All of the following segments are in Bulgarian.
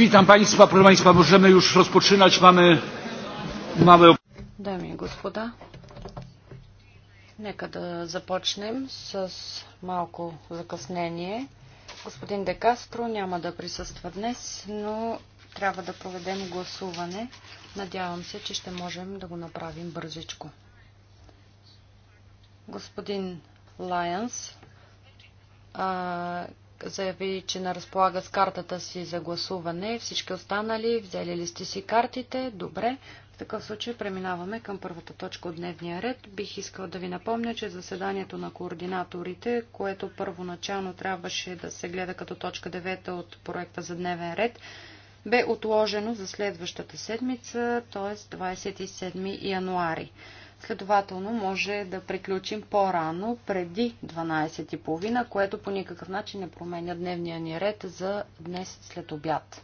Witam Państwa, proszę Państwa, możemy już rozpoczynać. Mamy małe. Дами и господа, нека да започнем с малко закъснение. Господин Декастро няма да присъства днес, но трябва да проведем гласуване. Надявам се, че ще можем да го направим бързичко. Господин Лайънс заяви, че не разполага с картата си за гласуване. Всички останали взели ли сте си картите? Добре. В такъв случай преминаваме към първата точка от дневния ред. Бих искал да ви напомня, че заседанието на координаторите, което първоначално трябваше да се гледа като точка 9 от проекта за дневен ред, бе отложено за следващата седмица, т.е. 27 януари. Следователно може да приключим по-рано, преди 12.30, което по никакъв начин не променя дневния ни ред за днес след обяд.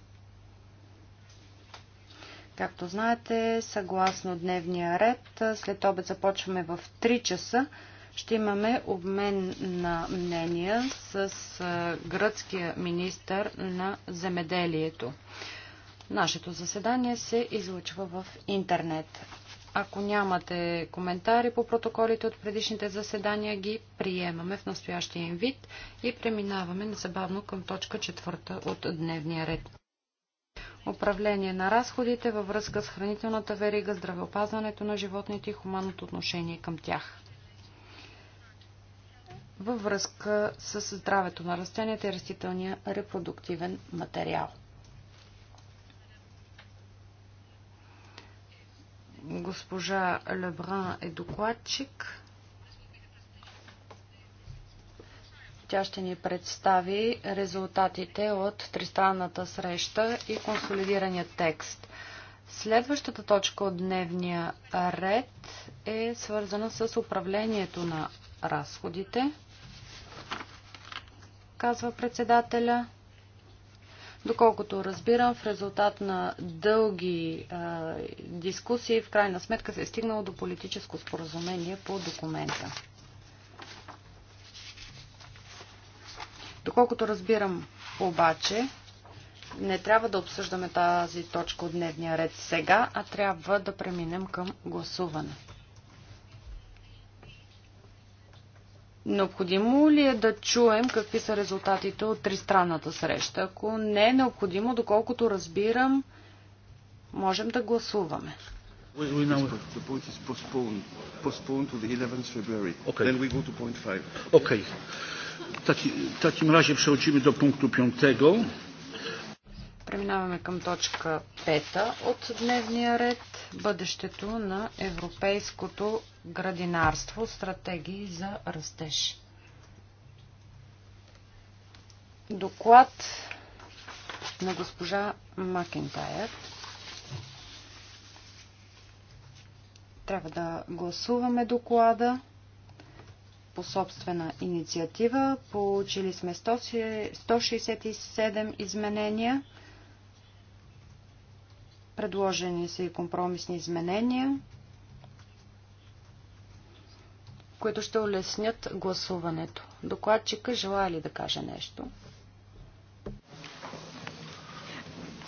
Както знаете, съгласно дневния ред, след обед започваме в 3 часа. Ще имаме обмен на мнения с гръцкия министър на земеделието. Нашето заседание се излъчва в интернет. Ако нямате коментари по протоколите от предишните заседания, ги приемаме в настоящия им вид и преминаваме незабавно към точка четвърта от дневния ред. Управление на разходите във връзка с хранителната верига, здравеопазването на животните и хуманното отношение към тях във връзка с здравето на растенията и растителния репродуктивен материал. Госпожа Лебран е докладчик. Тя ще ни представи резултатите от тристранната среща и консолидирания текст. Следващата точка от дневния ред е свързана с управлението на разходите, казва председателя. Доколкото разбирам, в резултат на дълги а, дискусии, в крайна сметка се е стигнало до политическо споразумение по документа. Доколкото разбирам обаче, не трябва да обсъждаме тази точка от дневния ред сега, а трябва да преминем към гласуване. Необходимо ли е да чуем какви са резултатите от тристранната среща? Ако не е необходимо, доколкото разбирам, можем да гласуваме. Okay. Okay. W takim razie przechodzimy do punktu piątego. Преминаваме към точка 5 от дневния ред бъдещето на европейското градинарство, стратегии за растеж. Доклад на госпожа Макентайер. Трябва да гласуваме доклада по собствена инициатива. Получили сме 167 изменения. Предложени са и компромисни изменения, които ще улеснят гласуването. Докладчика желая ли да каже нещо?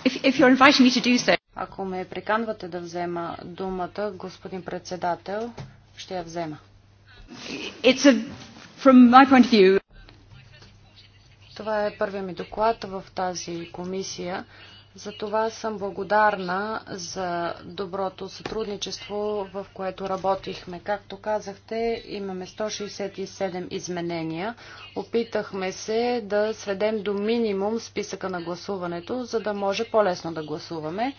If, if so. Ако ме приканвате да взема думата, господин председател, ще я взема. A, view... Това е първият ми доклад в тази комисия. Затова съм благодарна за доброто сътрудничество, в което работихме. Както казахте, имаме 167 изменения. Опитахме се да сведем до минимум списъка на гласуването, за да може по-лесно да гласуваме.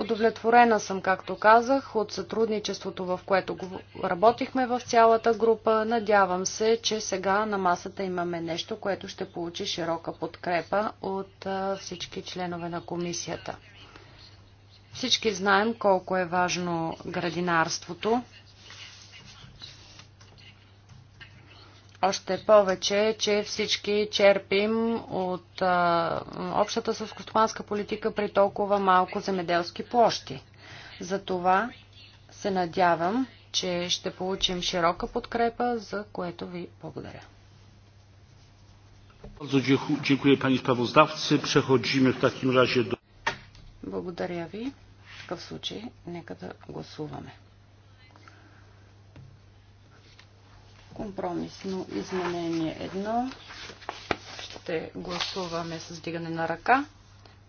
Удовлетворена съм, както казах, от сътрудничеството, в което работихме в цялата група. Надявам се, че сега на масата имаме нещо, което ще получи широка подкрепа от всички членове на комисията. Всички знаем колко е важно градинарството. Още повече, че всички черпим от а, общата съскостоманска политика при толкова малко земеделски площи. Затова се надявам, че ще получим широка подкрепа, за което ви благодаря. Благодаря ви. В такъв случай, нека да гласуваме. Компромисно изменение 1. Ще гласуваме с дигане на ръка.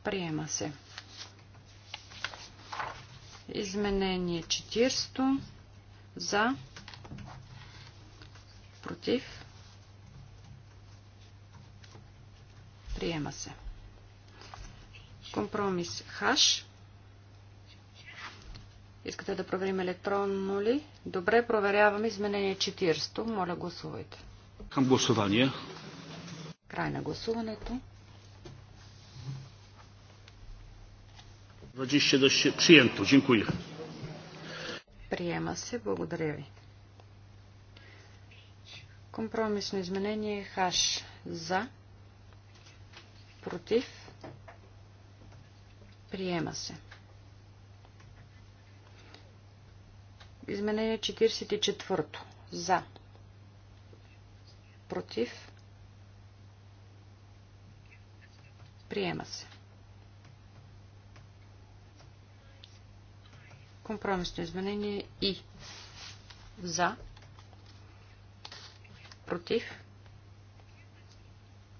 Приема се. Изменение 40. За. Против. Приема се. Компромис хаш. Искате да проверим електронно ли? Добре, проверяваме изменение 40. Моля, гласувайте. Към гласувания. Край на гласуването. ще Приемто. Дякую. Приема се. Благодаря ви. Компромисно изменение ХАШ за против приема се. Изменение 44. За. Против. Приема се. Компромисно изменение и. За. Против.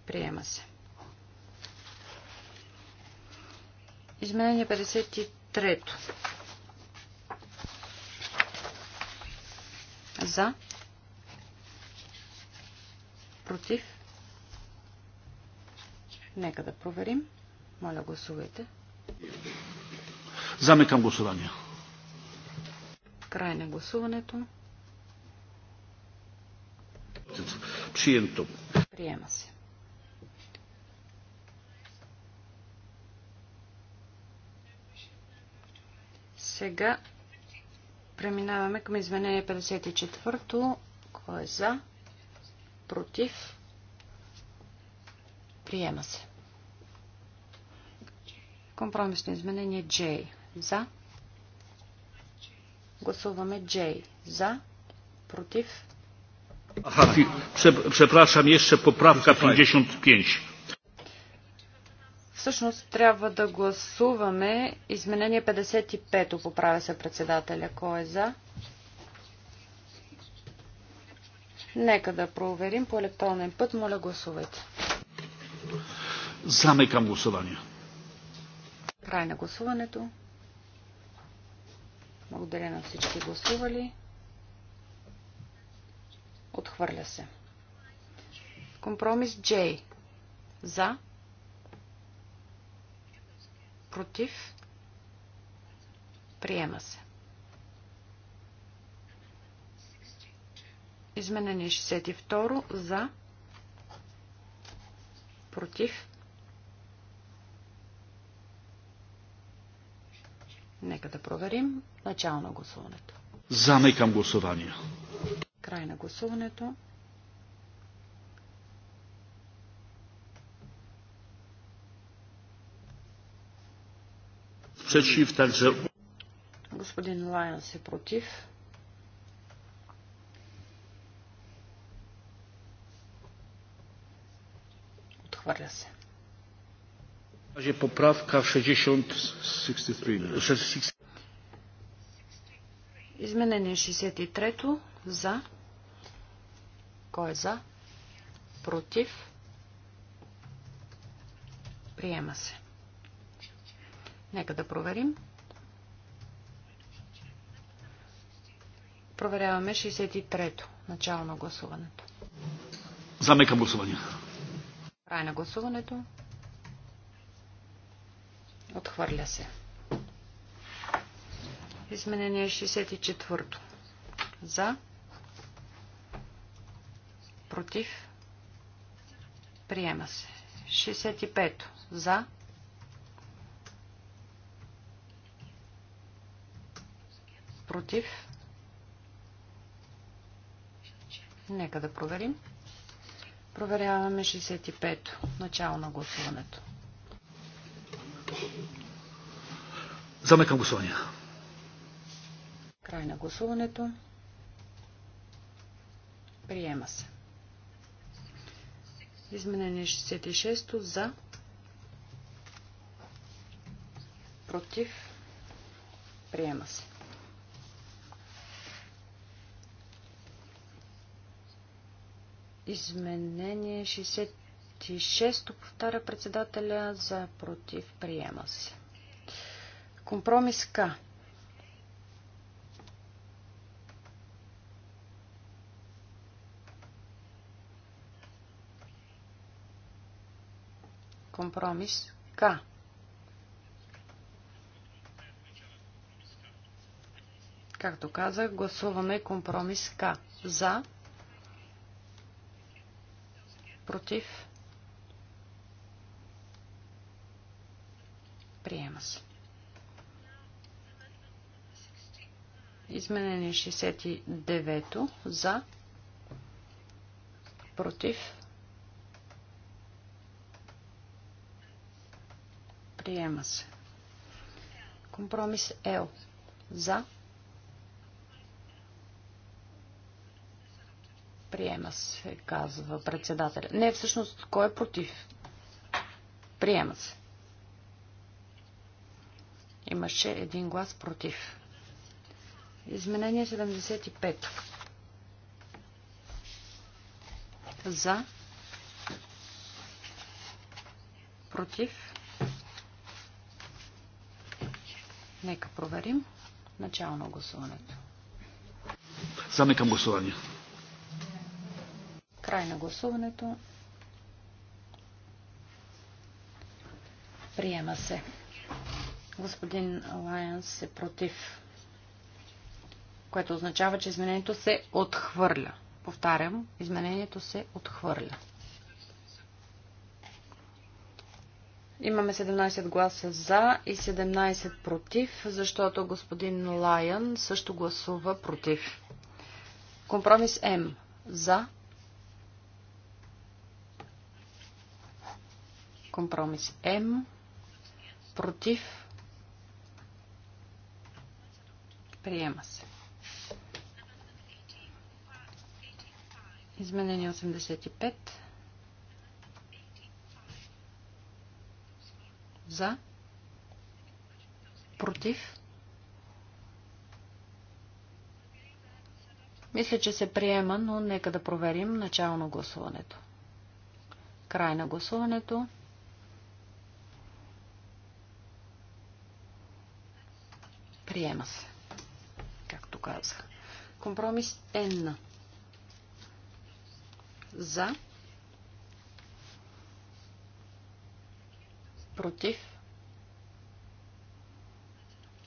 Приема се. Изменение 53. За. Против. Нека да проверим. Моля, гласувайте. Замекам гласуване. Край на гласуването. Приемто. Приема се. Сега Преминаваме към изменение 54-то. Кой е за? Против? Приема се. Компромисно изменение J. За? Гласуваме J. За? Против? препрашам, еще поправка 55. Всъщност трябва да гласуваме изменение 55-то, поправя се председателя. Кой е за? Нека да проверим по електронен път. Моля, гласувайте. към гласуване. Край на гласуването. Благодаря на всички гласували. Отхвърля се. Компромис J. За. Против. Приема се. Изменение 62 за. Против. Нека да проверим начало на гласуването. Замекам гласувания. Край на гласуването. przeciw, także... Господин Лайонс е против. Отхвърля се. Razie poprawka 63. Изменение 63-то. За. Кой е за? Против. Приема се. Нека да проверим. Проверяваме 63-то. Начало на гласуването. Замека гласуване. Край на гласуването. Отхвърля се. Изменение 64-то. За. Против. Приема се. 65-то. За. Против. Против? Нека да проверим. Проверяваме 65-то. Начало на гласуването. Замекам гласуване. Край на гласуването. Приема се. Изменение 66-то за. Против. Приема се. Изменение 66-то повтаря председателя за против приема се. Компромис К. Компромис К. Както казах, гласуваме компромис К. За. Против. Приема се. Изменение 69 за. Против. Приема се. Компромис Л. За. Приема се, казва председателя. Не, всъщност, кой е против? Приема се. Имаше един глас против. Изменение 75. За. Против. Нека проверим начало на гласуването. към гласуване. Край на гласуването. Приема се. Господин Лайенс е против, което означава, че изменението се отхвърля. Повтарям, изменението се отхвърля. Имаме 17 гласа за и 17 против, защото господин Лайън също гласува против. Компромис М. За, Компромис М. Против. Приема се. Изменение 85. За. Против. Мисля, че се приема, но нека да проверим начало на гласуването. Край на гласуването. Приема се. Както казах. Компромис N. За. Против.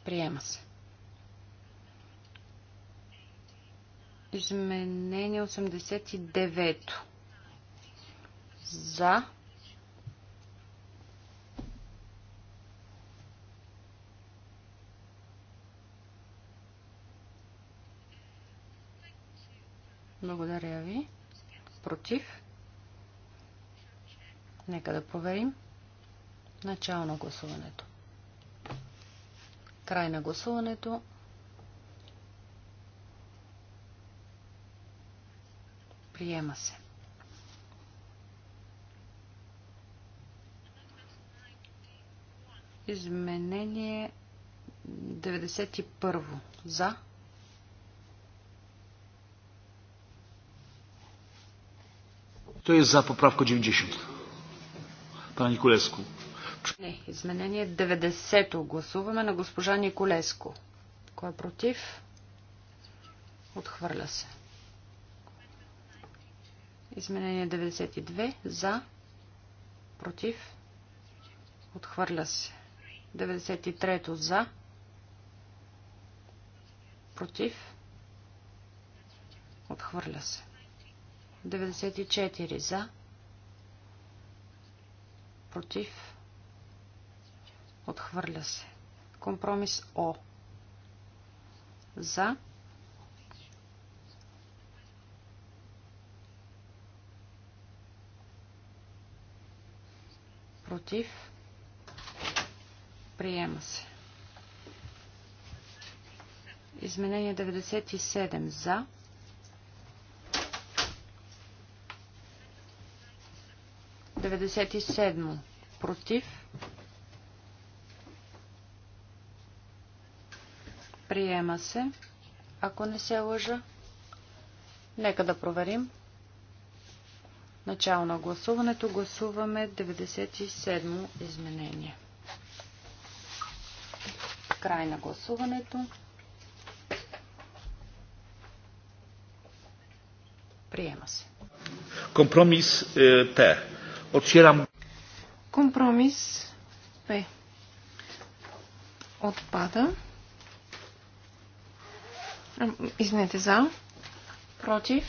Приема се. Изменение 89. За. Благодаря ви. Против? Нека да проверим. Начало на гласуването. Край на гласуването. Приема се. Изменение 91. За. Той е за поправка 90. Пана Николеско. Не, изменение 90-то. Гласуваме на госпожа Николеско. Кой е против? Отхвърля се. Изменение 92. За. Против. Отхвърля се. 93-то. За. Против. Отхвърля се. 94 за, против, отхвърля се. Компромис О. За. Против. Приема се. Изменение 97 за. 97. Против. Приема се. Ако не се лъжа. Нека да проверим. Начало на гласуването. Гласуваме 97 изменение. Край на гласуването. Приема се. Компромис е, Т. Отширам. Компромис П. Отпада. Изнете за. Против.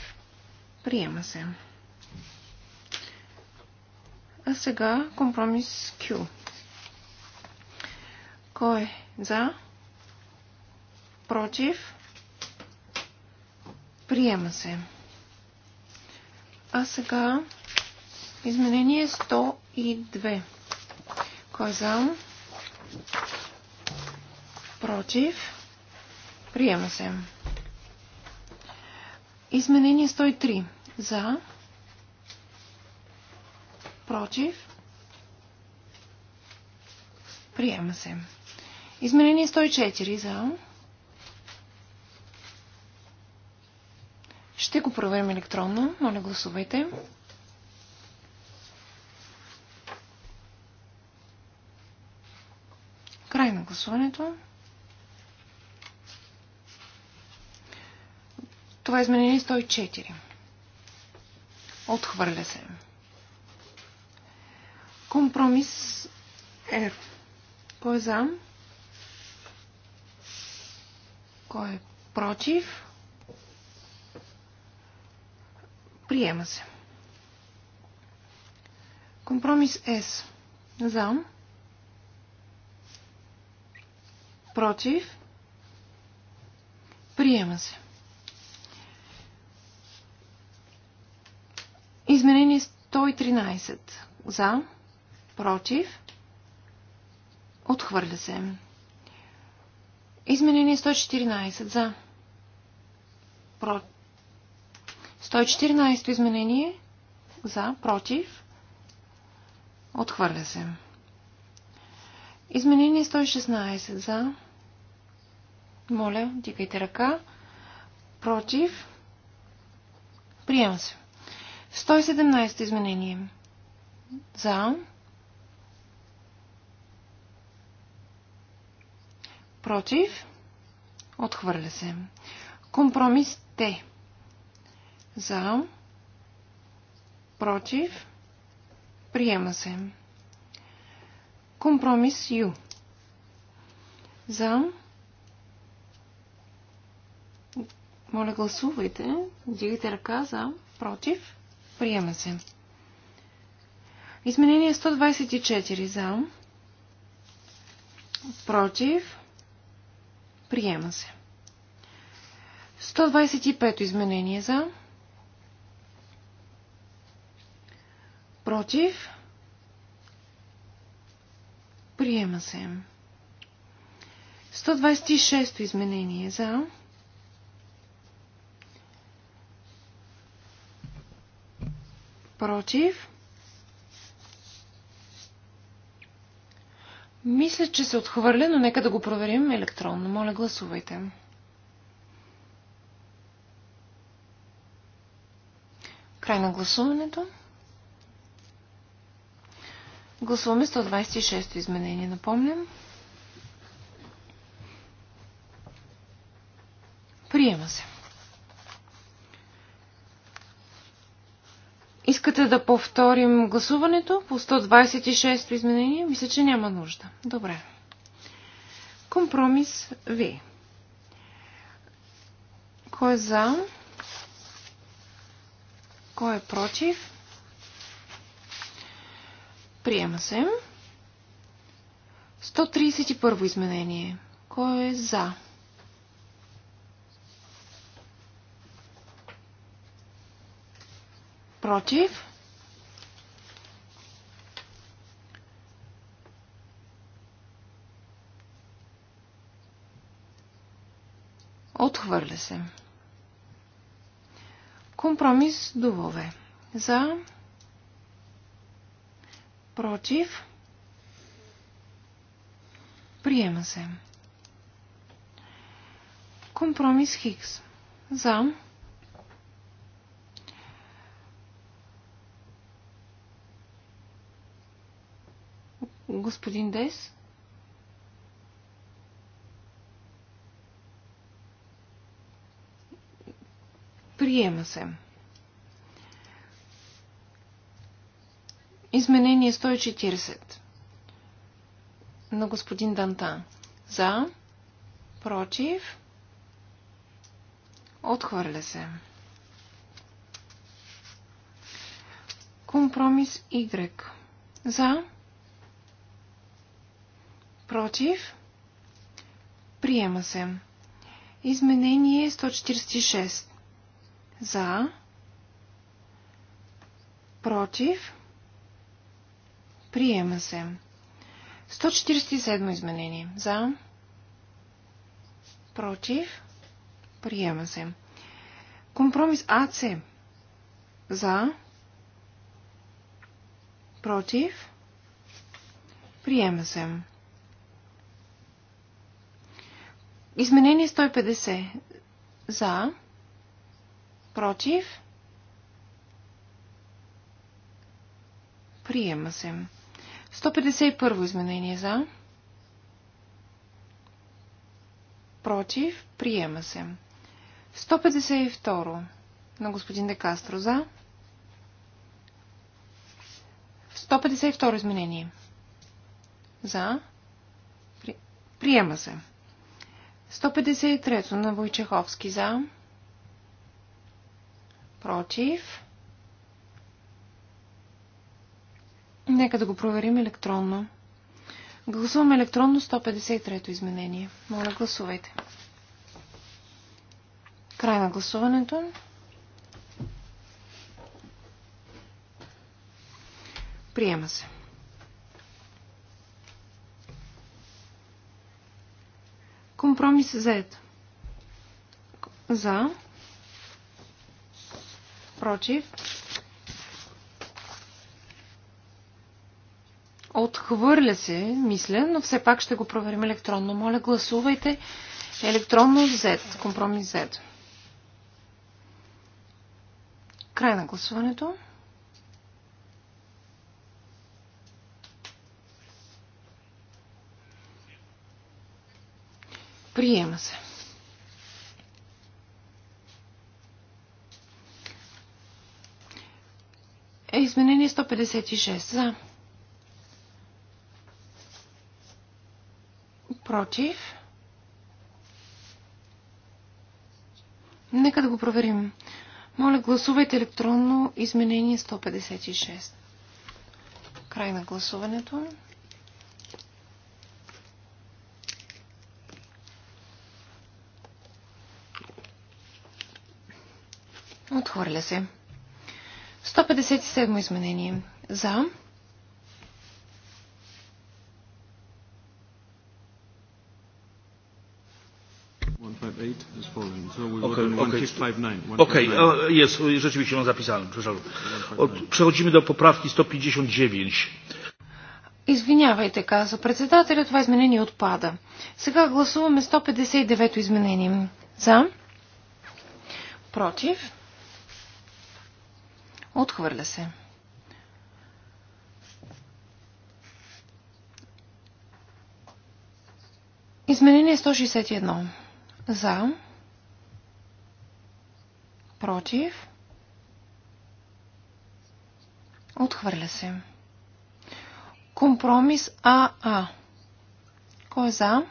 Приема се. А сега компромис Q. Кой е за? Против? Приема се. А сега Изменение 102. Кой е за? Против. Приема се. Изменение 103. За. Против. Приема се. Изменение 104. За. Ще го проверим електронно. Моля, гласувайте. Гласувайте. гласуването. Това е изменение 104. Отхвърля се. Компромис R. Кой е за? Кой е против? Приема се. Компромис С. За. Против. Приема се. Изменение 113. За. Против. Отхвърля се. Изменение 114. За. Против. 114 изменение. За. Против. Отхвърля се. Изменение 116 за. Моля, дигайте ръка. Против. Приема се. 117 изменение. За. Против. Отхвърля се. Компромис Т. За. Против. Приема се. Компромис Ю. За. Моля, гласувайте. Дигайте ръка за. Против. Приема се. Изменение 124 за. Против. Приема се. 125 изменение за. Против. Приема се. 126 то изменение за. Против. Мисля, че се отхвърля, но нека да го проверим електронно. Моля, гласувайте. Край на гласуването. Гласуваме 126-то изменение, напомням. Приема се. Искате да повторим гласуването по 126-то изменение? Мисля, че няма нужда. Добре. Компромис Ви. Кой е за? Кой е против? Приема се. 131 изменение. Кой е за? Против? Отхвърля се. Компромис довове. За. Против. Приема се. Компромис Хикс. За. Господин Дес. Приема се. Изменение 140 на господин Данта. За, против, отхвърля се. Компромис Y. За, против, приема се. Изменение 146. За, против, Приема се. 147 изменение. За. Против. Приема се. Компромис АЦ. За. Против. Приема се. Изменение 150. За. Против. Приема се. 151 изменение за. Против. Приема се. 152 на господин Декастро за. 152 изменение. За. При... Приема се. 153 на Войчеховски за. Против. Нека да го проверим електронно. Гласуваме електронно 153-то изменение. Моля, гласувайте. Край на гласуването. Приема се. Компромис Z. За. Против. Отхвърля се, мисля, но все пак ще го проверим електронно. Моля, гласувайте електронно Z, компромис Z. Край на гласуването. Приема се. Е изменение 156 за. Против. Нека да го проверим. Моля, гласувайте електронно изменение 156. Край на гласуването. Отхвърля се. 157 изменение. За. Okej, okay, jest, rzeczywiście mam zapisane, przepraszam. Przechodzimy do poprawki 159. Извинявай, така, за председателя, това изменение отпада. Сега гласуваме 159-то изменение. За? Против? Отхвърля се. Изменение 161. За? Против. Отхвърля се. Компромис АА. Кой е за?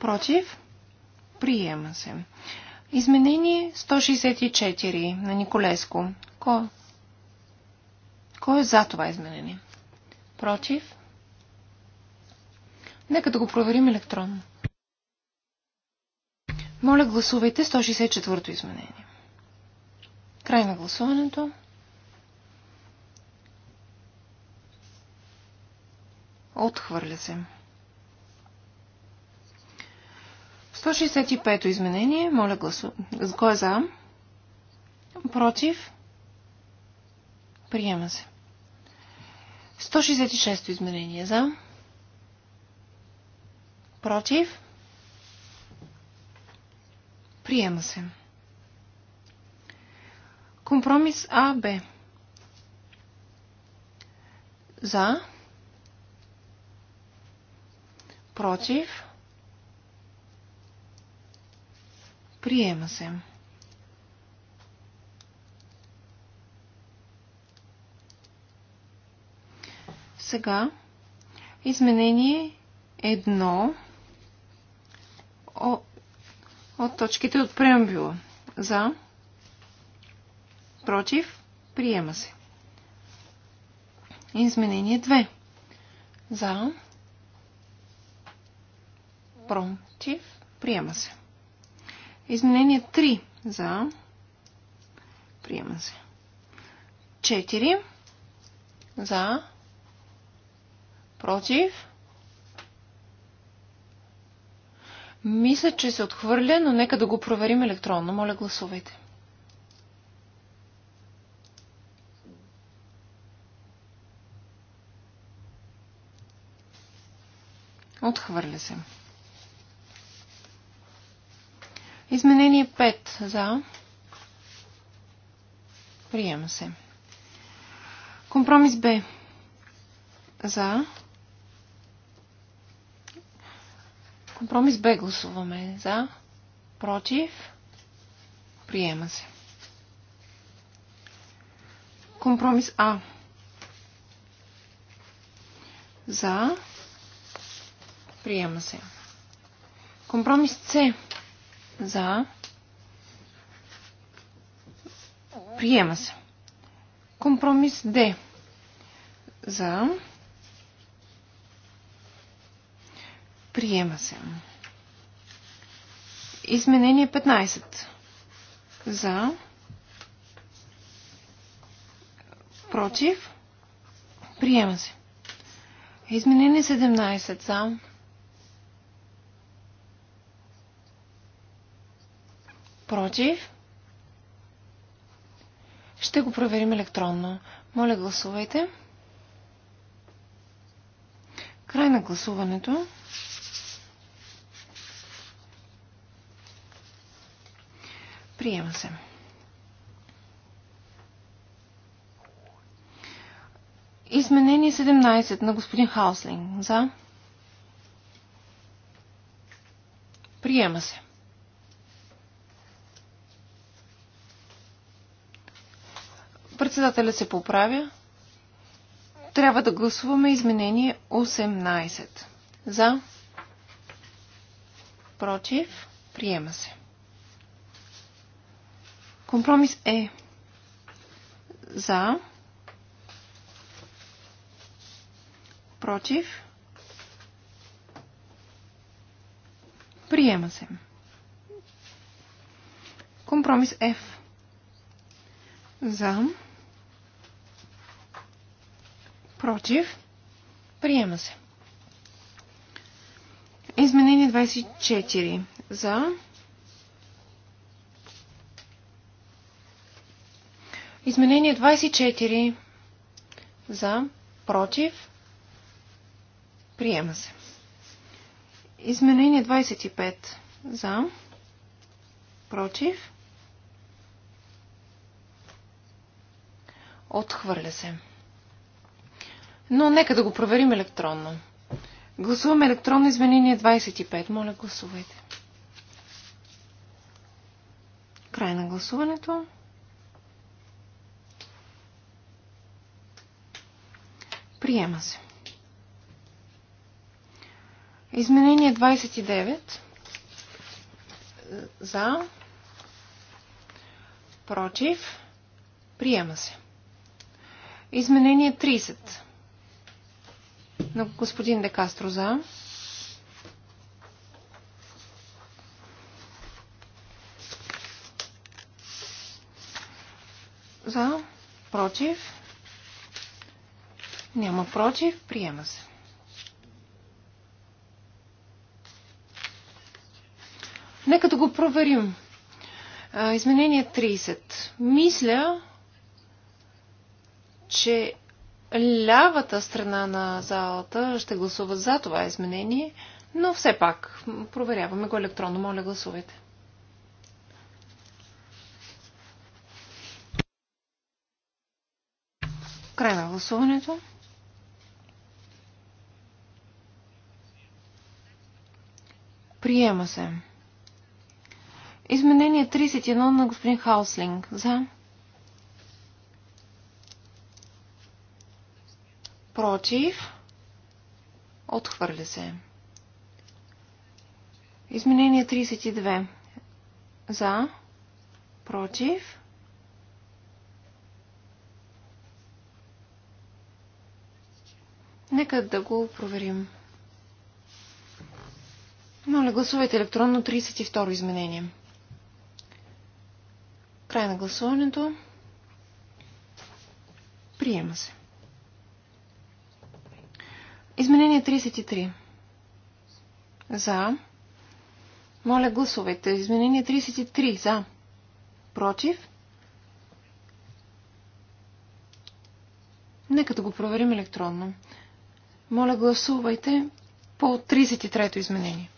Против. Приема се. Изменение 164 на Николеско. Кой? Кой е за това изменение? Против? Нека да го проверим електронно. Моля, гласувайте 164-то изменение. Край на гласуването. Отхвърля се. 165-то изменение. Моля, гласувайте. Кой е за? Против? Приема се. 166-то изменение. За? Против? Приема се. Компромис Б. За. Против. Приема се. Сега изменение 1 от точките от преамбюла. За. Против. Приема се. Изменение 2. За. Против. Приема се. Изменение 3. За. Приема се. 4. За. Против. Мисля, че се отхвърля, но нека да го проверим електронно. Моля, гласувайте. Отхвърля се. Изменение 5 за. Приема се. Компромис Б. За. Компромис Б гласуваме за, против, приема се. Компромис А за, приема се. Компромис С за, приема се. Компромис Д за, Приема се. Изменение 15. За. Против. Приема се. Изменение 17. За. Против. Ще го проверим електронно. Моля, гласувайте. Край на гласуването. Приема се. Изменение 17 на господин Хауслинг. За. Приема се. Председателя се поправя. Трябва да гласуваме изменение 18. За. Против. Приема се. Компромис е за, против, приема се. Компромис F за, против, приема се. Изменение 24 за, против, Изменение 24 за, против, приема се. Изменение 25 за, против, отхвърля се. Но нека да го проверим електронно. Гласуваме електронно изменение 25. Моля, гласувайте. Край на гласуването. Приема се. Изменение 29. За. Против. Приема се. Изменение 30. На господин Декастро за. За. Против. Няма против. Приема се. Нека да го проверим. Изменение 30. Мисля, че лявата страна на залата ще гласува за това изменение, но все пак проверяваме го електронно. Моля, гласувайте. Край на гласуването. Приема се. Изменение 31 на господин Хауслинг. За. Против. Отхвърля се. Изменение 32. За. Против. Нека да го проверим. Моля, гласувайте електронно 32 изменение. Край на гласуването. Приема се. Изменение 33. За. Моля, гласувайте. Изменение 33. За. Против. Нека да го проверим електронно. Моля, гласувайте по 33-то изменение.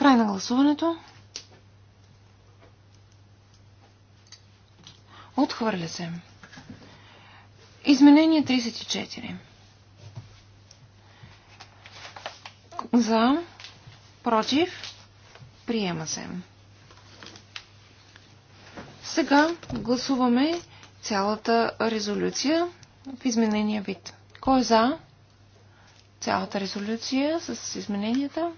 Край на гласуването. Отхвърля се. Изменение 34. За. Против. Приема се. Сега гласуваме цялата резолюция в изменения вид. Кой е за цялата резолюция с измененията?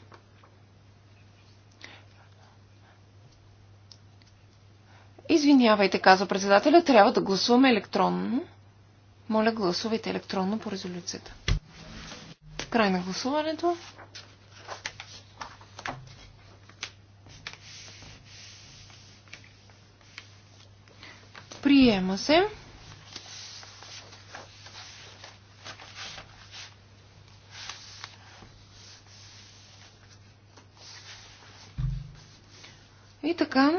Извинявайте, каза председателя, трябва да гласуваме електронно. Моля, гласувайте електронно по резолюцията. Край на гласуването. Приема се. И така.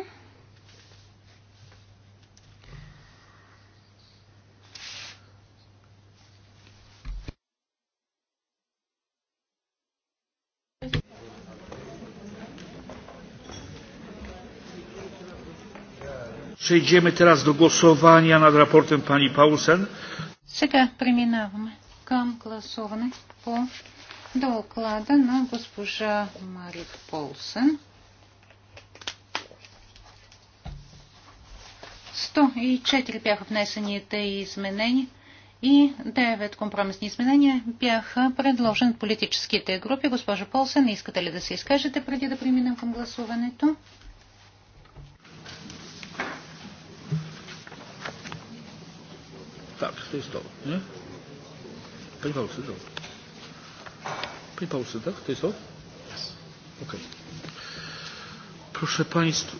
Przejdziemy teraz do głosowania nad raportem pani Paulsen. Сега преминаваме към гласуване по доклада на госпожа Марит Полсен. 104 бяха внесените изменения и 9 компромисни изменения бяха предложени от политическите групи. Госпожа Полсен, искате ли да се изкажете преди да преминем към гласуването? Tak, to jest to, nie? Pani Paulsy, to. Pani Paulsy, tak? To jest to? Ok. Proszę, państw,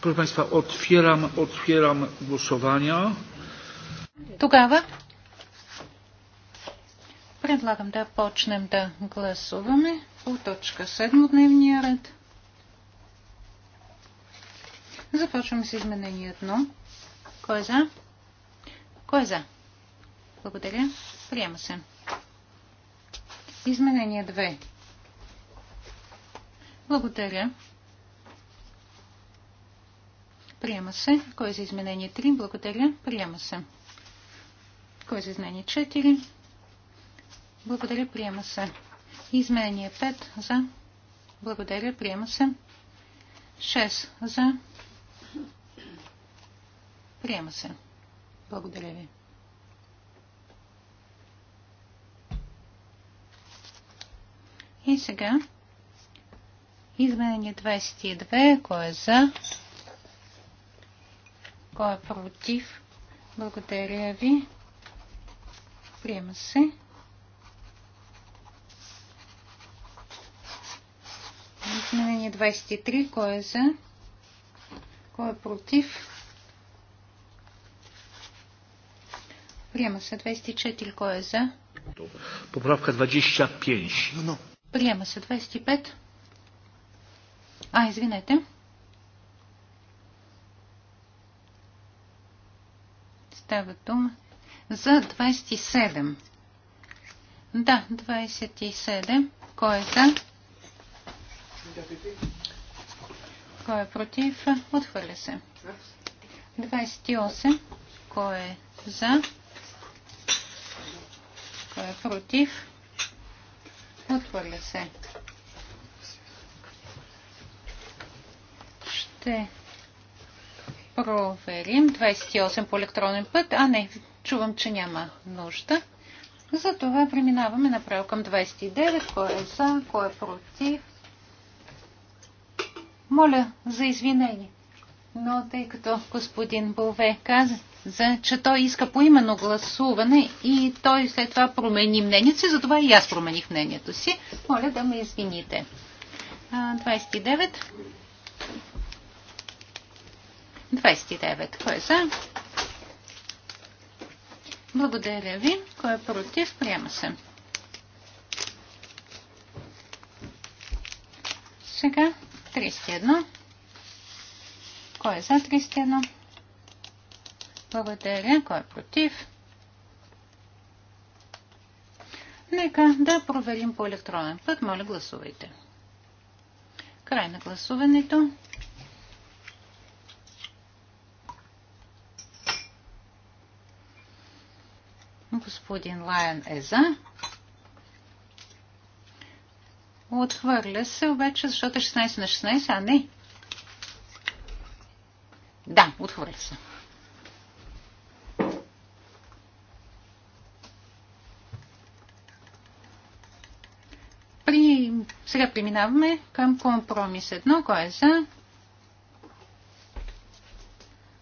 proszę Państwa, otwieram, otwieram głosowania. Тогава предлагам да почнем да гласуваме по точка 7 от дневния ред. Започваме с изменение 1. Кой е за? Кой е за? Благодаря. Приема се. Изменение 2. Благодаря. Приема се. Кой е за изменение 3? Благодаря. Приема се. Кой е за изменение 4? Благодаря. Приема се. Изменение 5 за. Благодаря. Приема се. 6 за. Приема се. Благодаря ви. И сега изменение 22, кой е за, кой е против. Благодаря ви. Приема се. Изменение 23, кой е за, кой е против. Приема се 24, кой е за. Поправка 25. No, no. Приема се 25. А, извинете. Става дума за 27. Да, 27. Кой е за? Кой е против? Отхвърля се. 28. Кой е за? Кой е против? Отвърля се. Ще проверим 28 по електронен път. А не, чувам, че няма нужда. Затова преминаваме направо към 29. Кой е за, кой е против? Моля за извинение. Но тъй като господин Бове каза, за, че той иска поименно гласуване и той след това промени мнението си, затова и аз промених мнението си. Моля да ме извините. 29. 29. Кой е за? Благодаря ви. Кой е против? Приема се. Сега 31. Кой е за 31? Благодаря. Кой е против? Нека да проверим по електронен път. Моля, гласувайте. Край на гласуването. Господин Лайен е за. Отхвърля се обаче, защото е 16 на 16, а не. Да, отхвърля се. При... Сега преминаваме към компромис едно. Кой е за?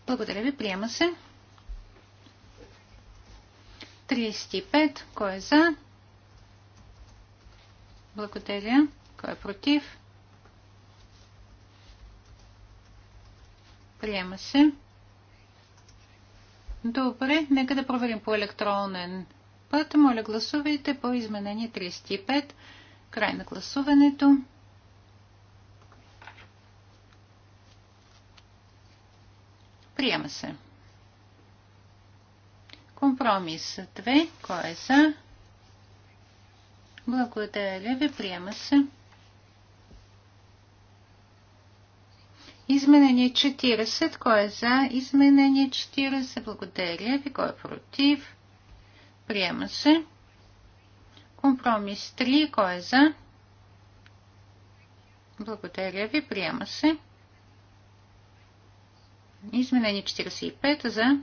Благодаря ви, приема се. 35. Кой е за? Благодаря. Кой е против? Приема се. Добре, нека да проверим по електронен път. Моля, гласувайте по изменение 35. Край на гласуването. Приема се. Компромис 2. Кой е за? Благодаря ви. Приема се. Изменение 40. Кой е за? Изменение 40. Благодаря ви. Кой е против? Приема се. Компромис 3. Кой е за? Благодаря ви. Приема се. Изменение 45 за.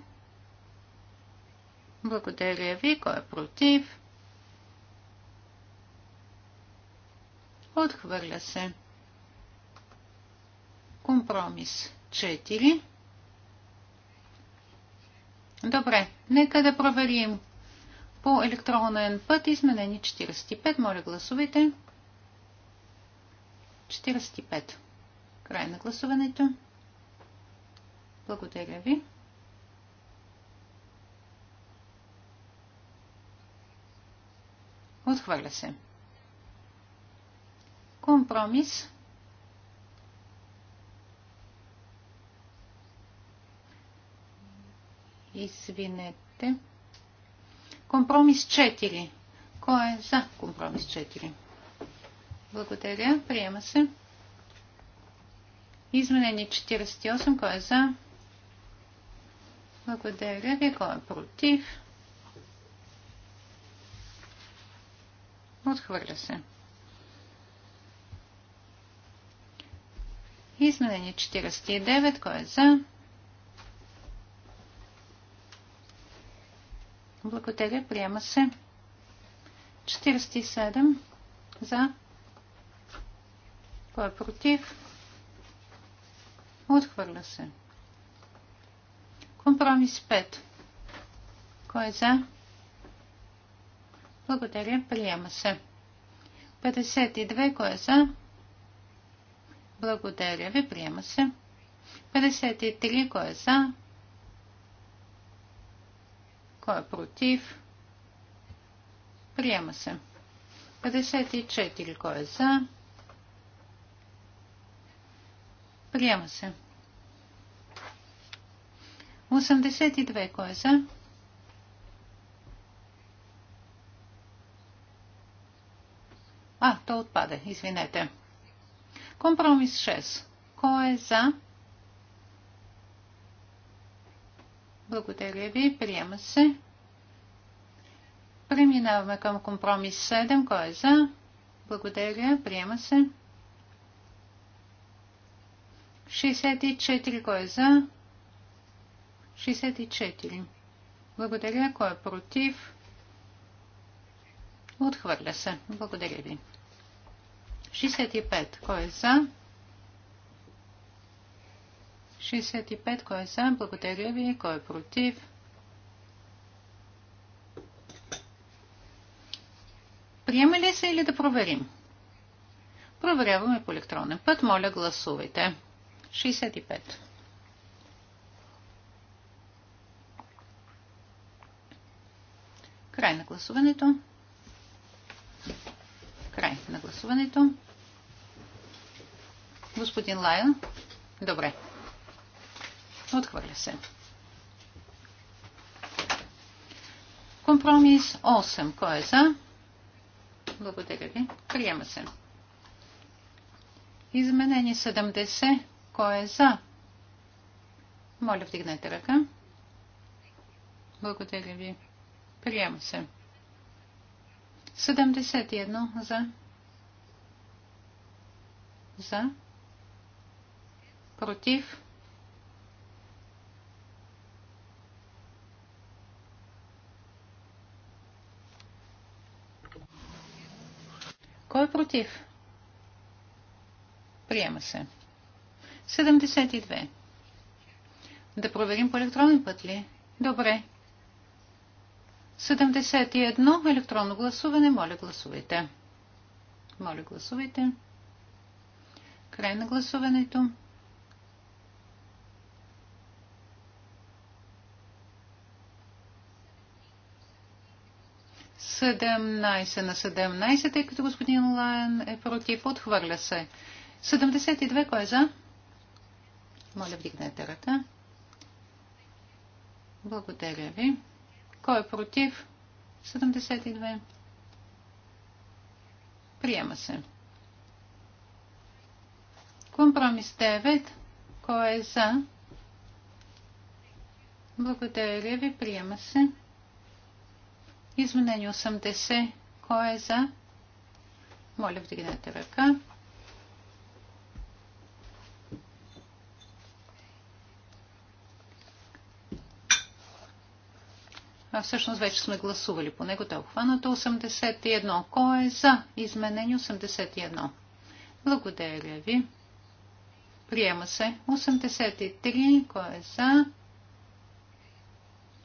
Благодаря ви. Кой е против? Отхвърля се. Компромис 4. Добре, нека да проверим по електронен път. Изменени 45. Моля гласувайте. 45. Край на гласуването. Благодаря ви. Отхвърля се. Компромис. Извинете. Компромис 4. Кой е за компромис 4? Благодаря. Приема се. Изменение 48. Кой е за? Благодаря ви. Кой е против? Отхвърля се. Изменение 49. Кой е за? Благодаря. Приема се. 47 за. Кой е против? Отхвърля се. Компромис 5. Кой е за? Благодаря. Приема се. 52. Кой е за? Благодаря ви. Приема се. 53. Кой е за? Кой е против? Приема се. 54. Кой е за? Приема се. 82. Кой е за? А, то отпада. Извинете. Компромис 6. Кой е за? Благодаря ви. Приема се. Преминаваме към компромис 7. Кой е за? Благодаря. Приема се. 64. Кой е за? 64. Благодаря. Кой е против? Отхвърля се. Благодаря ви. 65. Кой е за? 65. Кой е за? Благодаря ви. Кой е против? Приема ли се или да проверим? Проверяваме по електронен път. Моля, гласувайте. 65. Край на гласуването. Край на гласуването. Господин Лайл. Добре. Отхвърля се. Компромис 8. Кой е за? Благодаря ви. Приема се. Изменени 70. Кой е за? Моля, вдигнете ръка. Благодаря ви. Приема се. 71 за. За. Против. Кой е против? Приема се. 72. Да проверим по електронен път ли? Добре. 71. Електронно гласуване. Моля, гласувайте. Моля, гласувайте. Край на гласуването. 17 на 17, тъй като господин Лайен е против. Отхвърля се. 72, кой е за? Моля, вдигнете ръка. Благодаря ви. Кой е против? 72. Приема се. Компромис 9. Кой е за? Благодаря ви. Приема се. Изменение 80. Кой е за? Моля, вдигнете ръка. А всъщност вече сме гласували по него. Той е обхванато 81. Кой е за изменение 81? Благодаря ви. Приема се 83. Кой е за?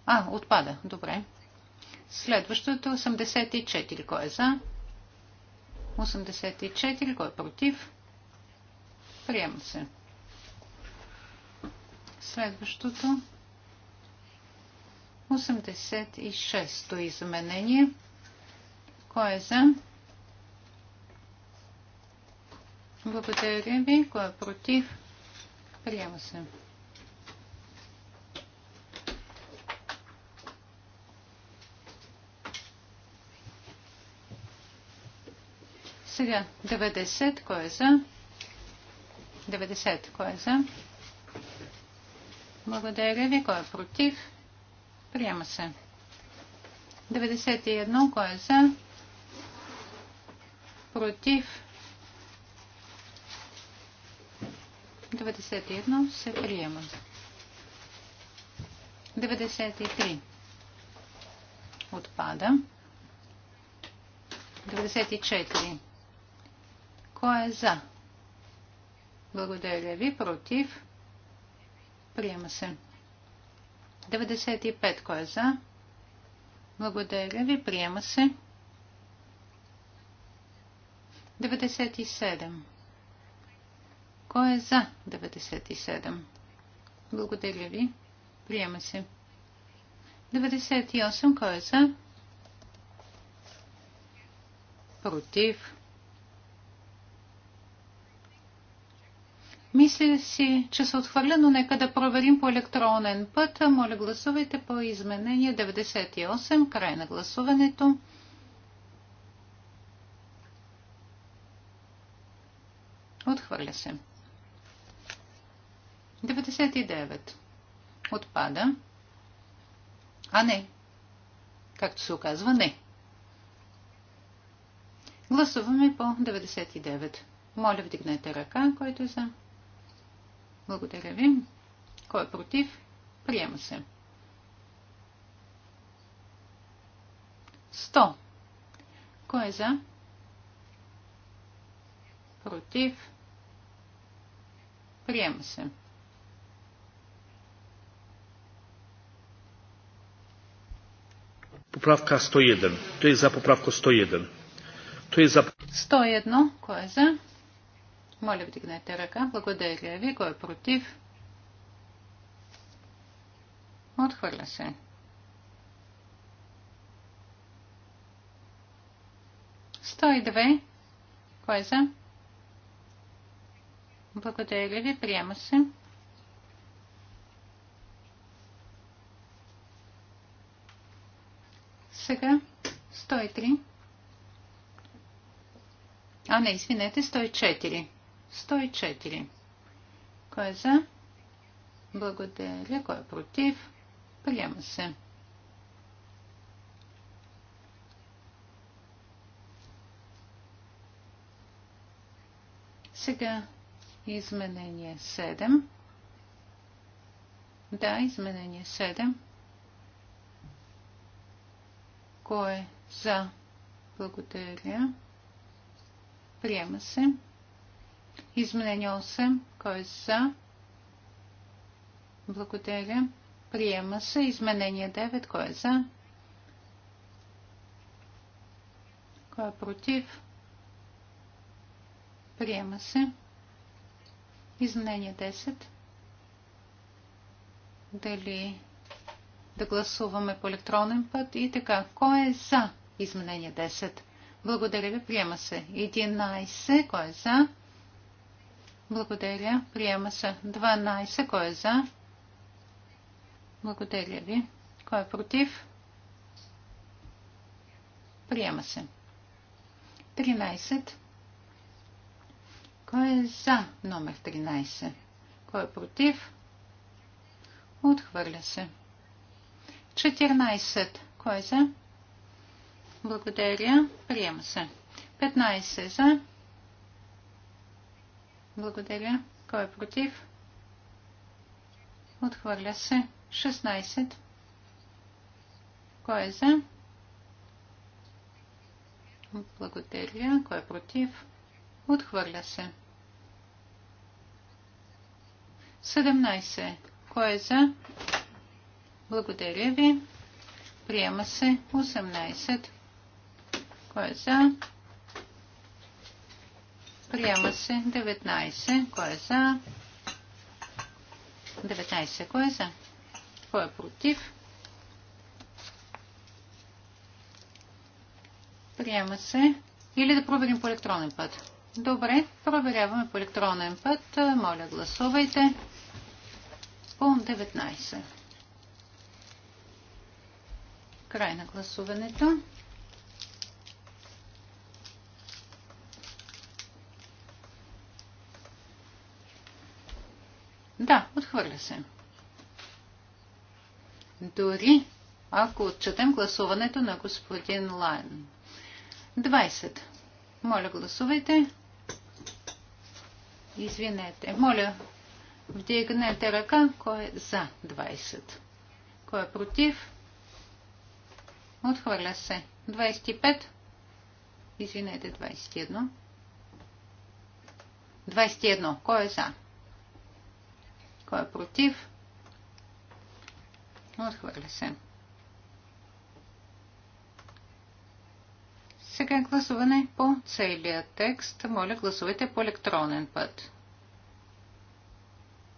А, отпада. Добре. Следващото 84. Е Кой е за? 84. Кой е против? Приема се. Следващото 86-то изменение. Кой е за? Благодаря ви. Кой е против? Приема се. Сега 90, кой е за? 90, кой е за? Благодаря ви, кой е против? Приема се. 91, кой е за? Против? 91 се приема. 93 отпада. 94 кой е за? Благодаря ви. Против? Приема се. 95. Кой е за? Благодаря ви. Приема се. 97. Кой е за 97? Благодаря ви. Приема се. 98. Кой е за? Против. Мисля си, че се отхвърля, но нека да проверим по електронен път. Моля, гласувайте по изменение 98, край на гласуването. Отхвърля се. 99. Отпада. А не. Както се оказва, не. Гласуваме по 99. Моля, вдигнете ръка, който е за. Благодаря ви. Кой е против? Приема се. 100. Кой е за? Против. Приема се. Поправка 101. Той е за поправка 101. Той е за... 101. Кой е за? Моля, вдигнете ръка. Благодаря ви. Кой е против? Отхвърля се. Сто и две. Кой е за? Благодаря ви. Приема се. Сега 103. А, не, извинете, 104. 104. Кой е за? Благодаря. Кой е против? Приема се. Сега изменение 7. Да, изменение 7. Кой е за? Благодаря. Приема се. Изменение 8. Кой е за? Благодаря. Приема се. Изменение 9. Кой е за? Кой е против? Приема се. Изменение 10. Дали да гласуваме по електронен път и така. Кой е за изменение 10? Благодаря ви. Приема се. 11. Кой е за? Благодаря. Приема се 12. Кой е за? Благодаря ви. Кой е против? Приема се. 13. Кой е за номер 13? Кой е против? Отхвърля се. 14. Кой е за? Благодаря. Приема се. 15 за. Благодаря. Кой е против? Отхвърля се. 16. Кой е за? Благодаря. Кой е против? Отхвърля се. 17. Кой е за? Благодаря ви. Приема се. 18. Кой е за? Приема се 19. Кой е за? 19. Кой е за? Кой е против? Приема се. Или да проверим по електронен път. Добре, проверяваме по електронен път. Моля, гласувайте по 19. Край на гласуването. Да, отхвърля се. Дори ако отчетем гласуването на господин Лайн. 20. Моля, гласувайте. Извинете. Моля, вдигнете ръка, кой е за 20. Кой е против? Отхвърля се. 25. Извинете, 21. 21. Кой е за? Кой е против? Отхвърли се. Сега гласуване по целия текст. Моля, гласувайте по електронен път.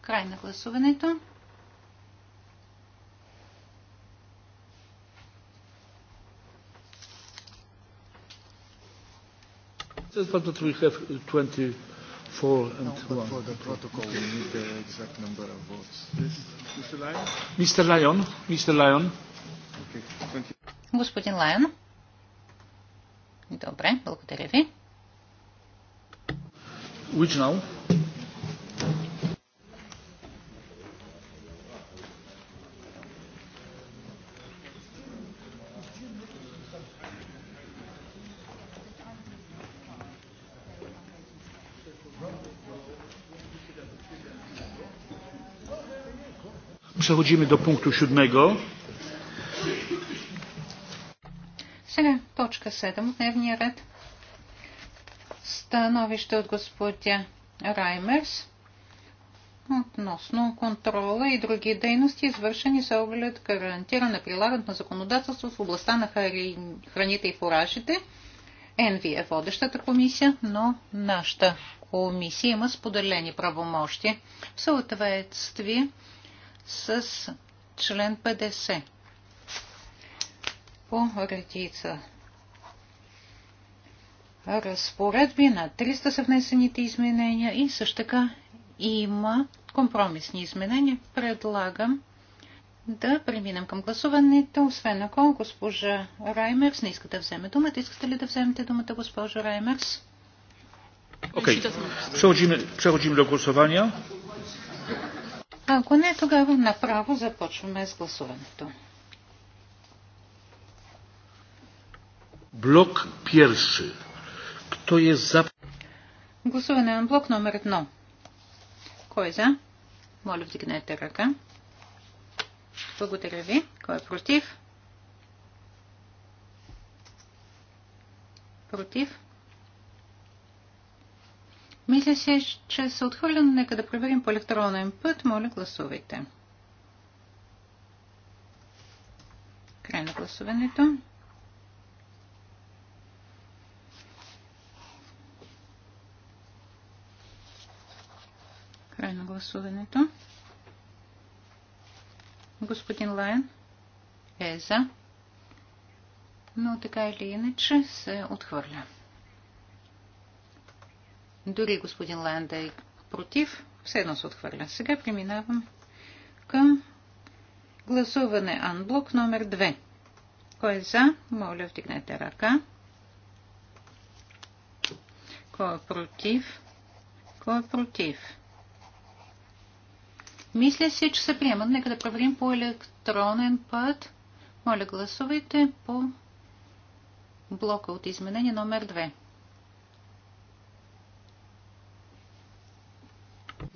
Край на гласуването. This is 20. Four and no, one. For the protocol, we need the exact number of votes. Mr. Lyon? Mr. Lyon. Mr. Lyon. Okay. thank you. Господин Лайон. Добре, благодаря ви. Which now? Przechodzimy do punktu siódmego. Сега точка 7 от дневния ред. Становище от господя Раймерс относно контрола и други дейности, извършени с оглед гарантиране прилагането на законодателство в областта на храните и фуражите. ЕНВИ е водещата комисия, но нашата комисия има споделени правомощи в съответствие с член 50. По редица разпоредби на 300 са внесените изменения и също така има компромисни изменения. Предлагам да преминем към гласуването, освен ако госпожа Раймерс не иска да вземе думата. Искате ли да вземете думата, госпожо Раймерс? Окей. Okay. Przechodzimy, przechodzimy до głosowania. Ако не, тогава направо започваме с гласуването. Блок пирши. Кто е за? Гласуване на блок номер едно. Кой е за? Моля, вдигнете ръка. Благодаря ви. Кой е против? Против? Мисля се, че са отхвърлено. Нека да проверим по електронен път. Моля, гласувайте. Край на гласуването. Край на гласуването. Господин Лайен е за, но така или иначе се отхвърля. Дори господин Ланда е против. Все едно се отхвърля. Сега преминавам към гласуване анблок номер 2. Кой е за? Моля, вдигнете ръка. Кой е против? Кой е против? Мисля си, че се приемат. Нека да проверим по електронен път. Моля, гласувайте по блока от изменение номер 2.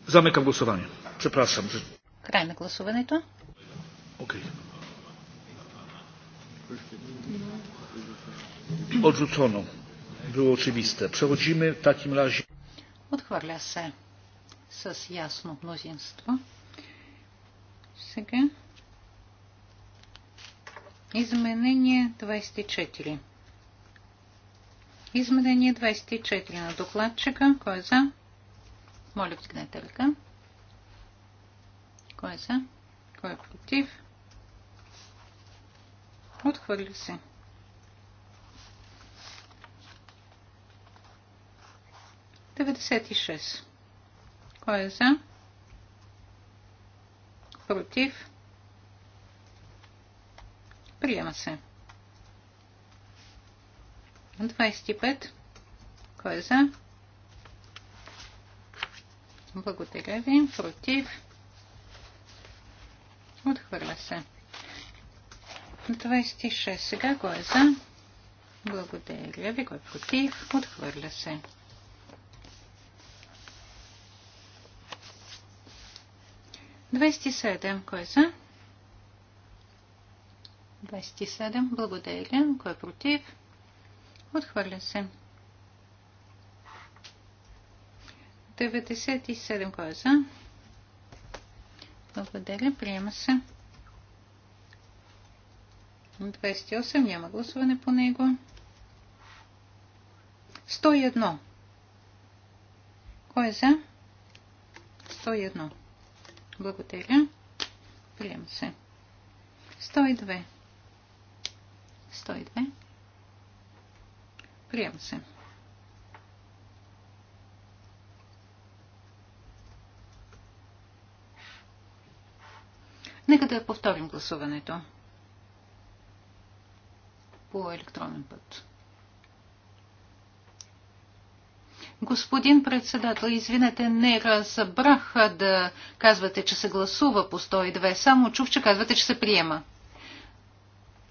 Замекам głosowanie. Przepraszam. Край на гласуването. Окей. Okay. Било Było Преводжиме таки млажи. Отхвърля се с ясно мнозинство. Сега изменение 24. Изменение 24 на докладчика. Кой е за? Моля, вдигнете ръка. Кой е за? Кой е против? Отхвърля се. Деветдесет и шест. Кой е за? Против? Приема се. Двадесет и за? Кой е за? Благодаря ви. Против. Отхвърля се. 26. Сега кой е за? Благодаря ви. Кой е против? Отхвърля се. 27. Кой е за? 27. Благодаря. Кой е против? Отхвърля се. 97. Кой е за? Благодаря. Приема се. 28. Няма гласуване по него. 101. Кой е за? 101. Благодаря. Приема се. 102. 102. Приема се. 103. Нека да повторим гласуването по електронен път. Господин председател, извинете, не разбрах да казвате, че се гласува по 102. Само чух, че казвате, че се приема.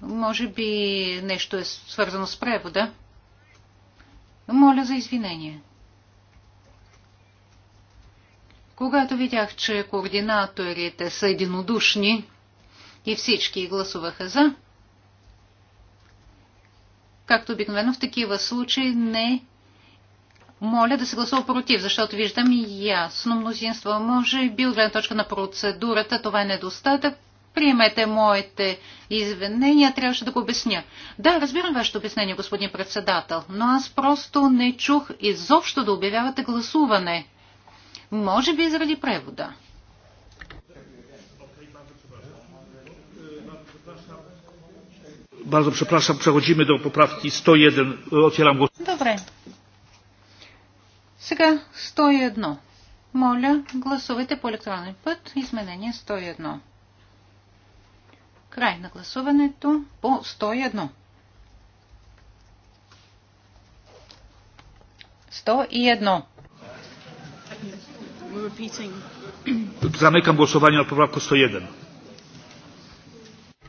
Може би нещо е свързано с превода. Моля за извинение. Когато видях, че координаторите са единодушни и всички гласуваха за, както обикновено в такива случаи не моля да се гласува против, защото виждам ясно мнозинство. Може би от гледна точка на процедурата това е недостатък. Приемете моите извинения, трябваше да го обясня. Да, разбирам вашето обяснение, господин председател, но аз просто не чух изобщо да обявявате гласуване. Може би заради превода. Bardzo przepraszam, przechodzimy do poprawki 101. Otwieram głos. Добре. Сега 101. Моля, гласувайте по електронен път. Изменение 101. Край на гласуването по 101. 101. Замекам гласование на поправка 101.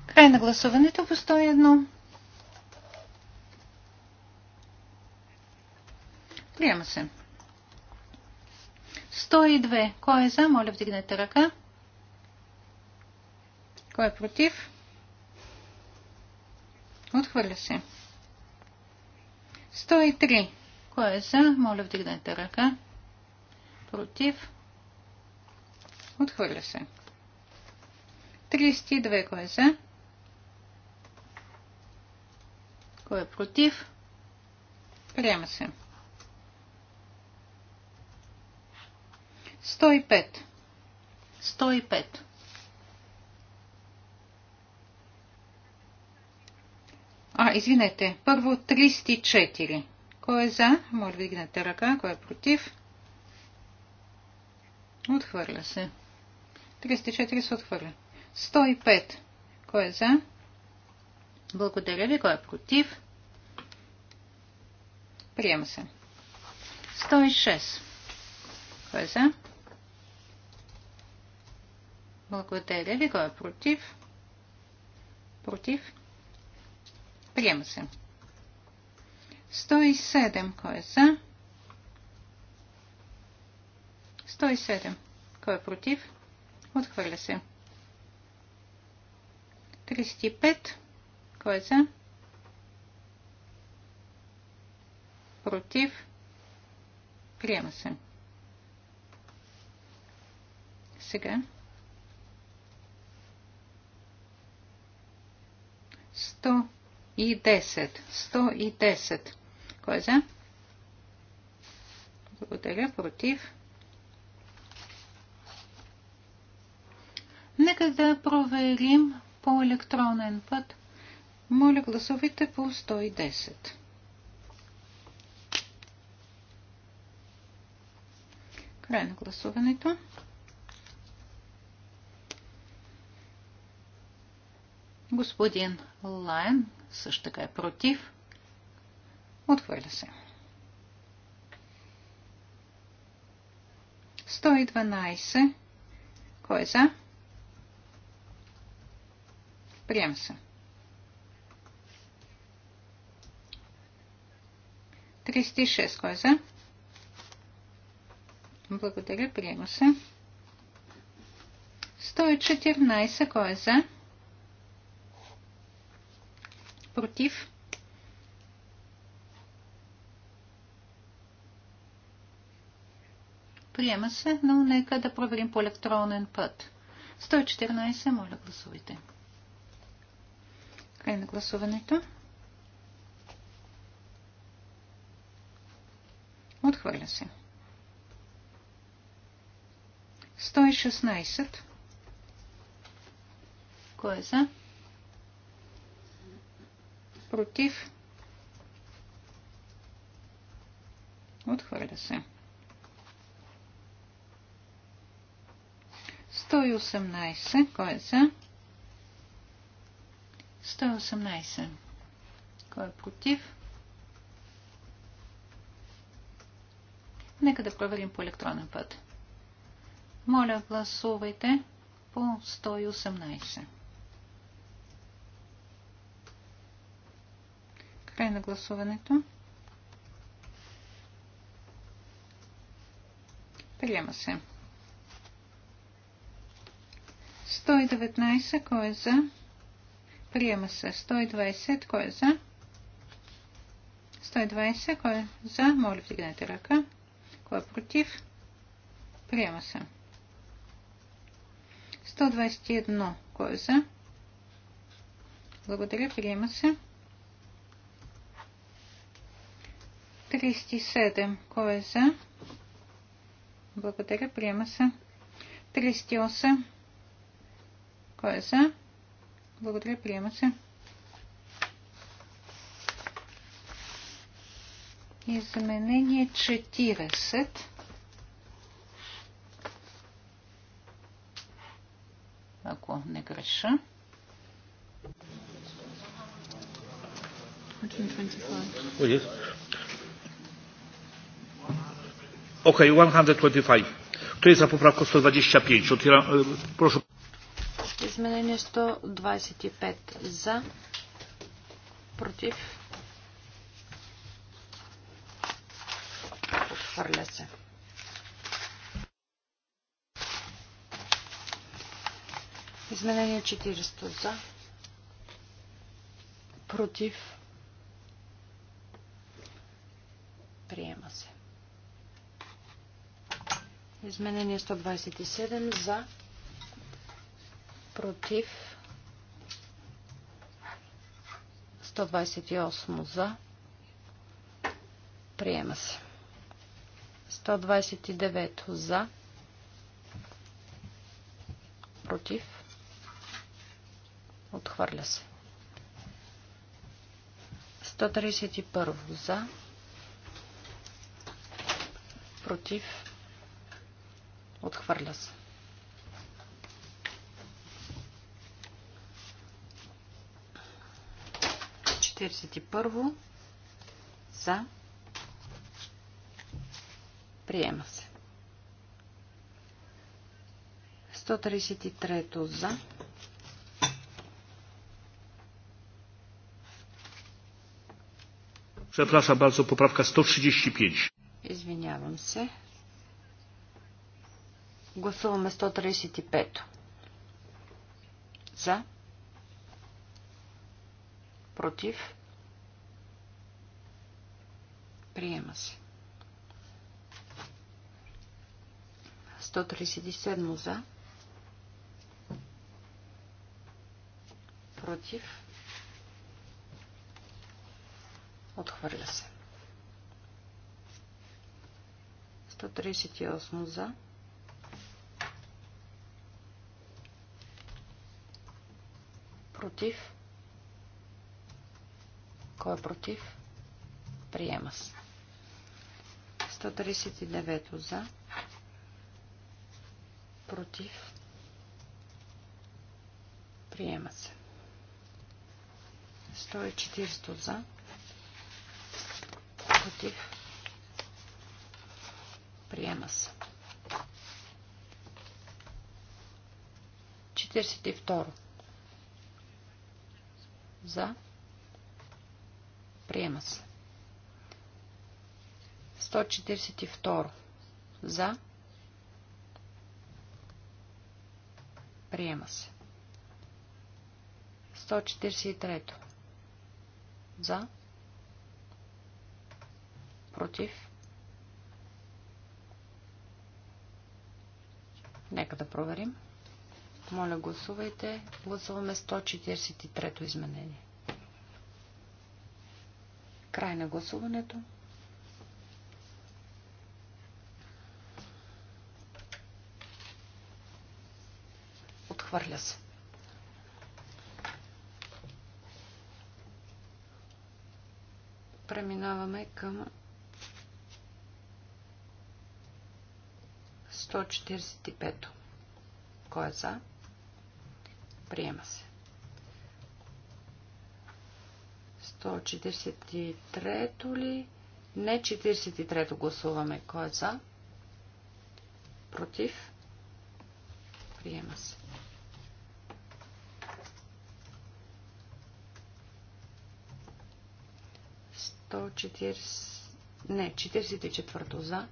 Край на гласуването по 101. Приема се. 102. Кой е за? Моля, вдигнете ръка. Кой е против? Отхвърля се. 103. Кой е за? Моля, вдигнете ръка. Против. Отхвърля се. 32. Кой е за? Кой е против? Приема се. 105. 105. А, извинете. Първо 34. Кой е за? Може да вдигнете ръка. Кой е против? Отхвърля се. 304 се отхвърля. 105. Кой е за? Благодаря ви. Кой е против? Приема се. 106. Кой е за? Благодаря ви. Кой е против? Против? Приема се. 107. Кой е за? 107. Кой е против? Отхвърля се. 35. Кой е за? Против. Приема се. Сега. 110. 110. Кой е за? Благодаря. Против. Нека да проверим по електронен път. Моля, гласувайте по 110. Край на гласуването. Господин Лайн също така е против. Отхвърля се. 112. Кой е за? Приема се. 36. Кой е за? Благодаря. Приема се. 114. Кой е за? Против. Приема се, но нека да проверим по електронен път. 114. Моля, гласувайте. 114. Край на гласуването. Отхвърля се. 116. Кой е за? Против. Отхвърля се. 118. Кой е за? 118. Кой е против? Нека да проверим по електронен път. Моля, гласувайте по 118. Край на гласуването. Приема се. 119. Кой е за? Приема се 120. Кой е за? 120. Кой е за? Моля, вдигнете ръка. Кой е против? Приема се. 121. Кой е за? Благодаря. Приема се. 37. Кой е за? Благодаря. Приема се. 38. Кой е за? Благодаря, приема се. Изменение 40. Ако не греша. 125. Okej, okay, 125. To jest za poprawką 125. Otwieram, proszę гласувания 125 за, против, отхвърля се. Изменение 400 за, против, приема се. Изменение 127 за, против, против 128 за. Приема се. 129 за. Против. Отхвърля се. 131 за. Против. Отхвърля се. 41 за. Приема се. 133 за. Przepraszam bardzo, poprawka 135. Извинявам се. Гласуваме 135. За. Против. Приема се. 137 за. Против. Отхвърля се. 138 за. Против. Кой е против? Приема се. 139 за. Против. Приема се. 140 за. Против. Приема се. 42. За. Приема се. 142. За. Приема се. 143. За. Против. Нека да проверим. Моля, гласувайте. Гласуваме 143 изменение. Край на гласуването. Отхвърля се. Преминаваме към 145. Кой е за? Приема се. 143-то ли? Не, 43-то гласуваме. Кой е за? Против? Приема се. Не, 44-то за.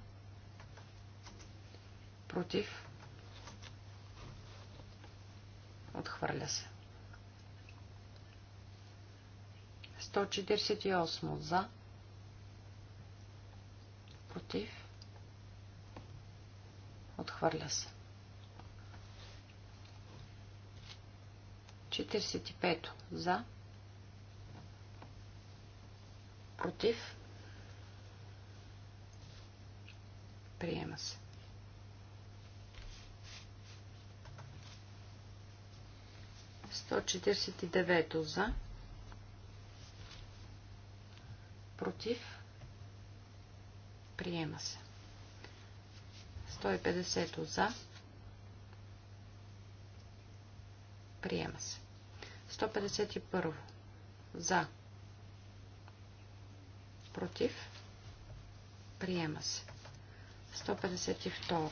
Против? Отхвърля се. 148 за, против, отхвърля се. 45 за, против, приема се. Сто четиридесет и девето за. Против. Приема се. 150 за. Приема се. 151 за. Против. Приема се. 152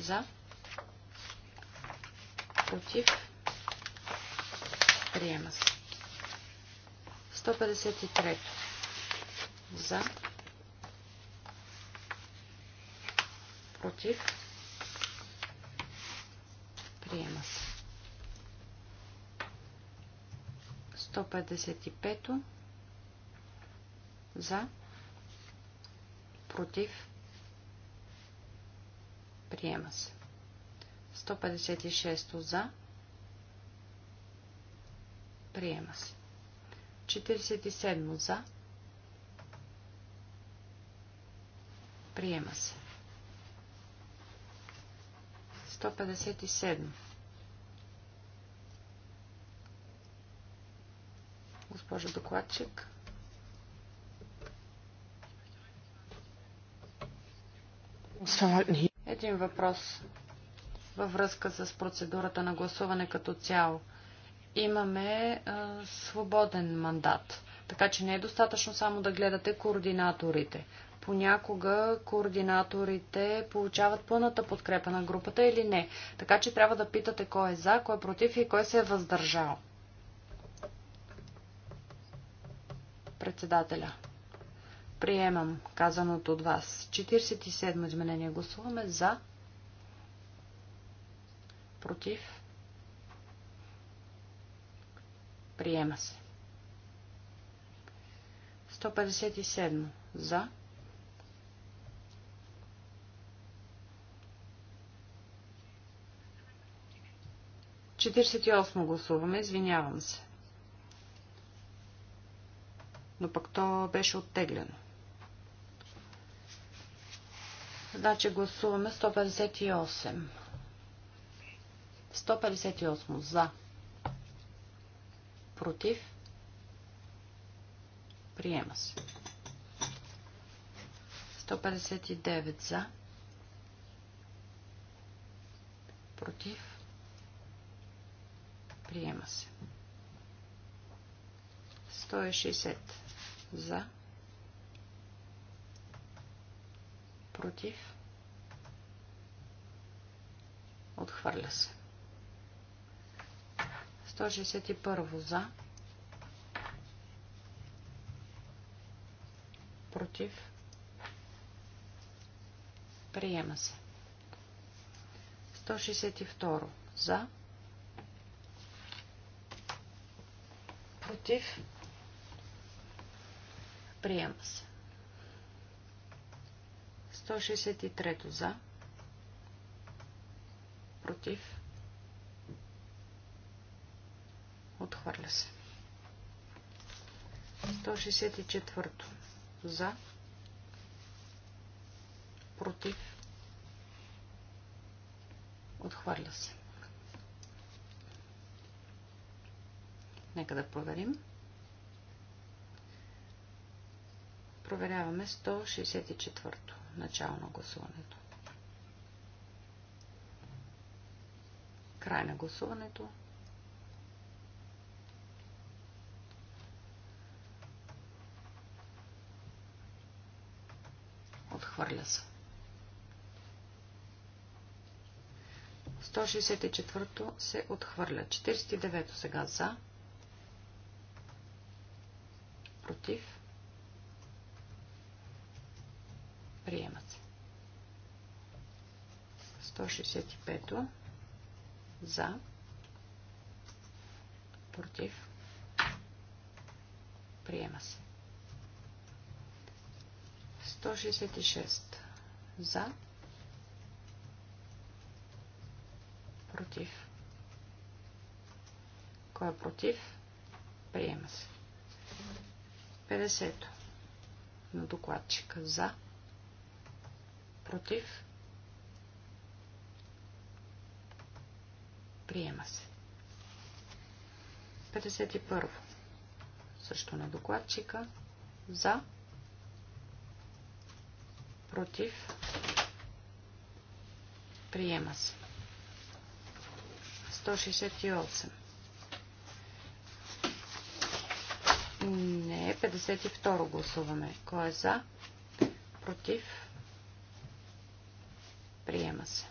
за. Против. Приема се. 153. За. Против. Приема се. 155. За. Против. Приема се. 156 за. Приема се. 47 за. Приема се. 157. Госпожо докладчик. Един въпрос във връзка с процедурата на гласуване като цяло имаме а, свободен мандат. Така че не е достатъчно само да гледате координаторите. Понякога координаторите получават пълната подкрепа на групата или не. Така че трябва да питате кой е за, кой е против и кой се е въздържал. Председателя. Приемам казаното от вас. 47 изменение гласуваме за. Против. Приема се. 157. За. Четиридесет и осмо гласуваме, извинявам се. Но пък то беше оттеглено. Значи гласуваме 158. 158 за. Против. Приема се. 159 за. Против. Приема се. 160 за. Против. Отхвърля се. 161 за. Против. Приема се. 162 за. Против. Приема се. 163 за. Против. Отхвърля се. 164. За. Против. Отхвърля се. Нека да проверим. Проверяваме 164. то Начало на гласуването. Край на гласуването. Отхвърля се. 164-то се отхвърля. 49-то сега за. Против. Приема се. 165-то за. Против. Приема се. 166 за, против. Кой е против? Приема се. 50 на докладчика за, против. Приема се. 51 също на докладчика за, против Против. Приема се. 168. Не, 52 гласуваме. Кой е за? Против. Приема се.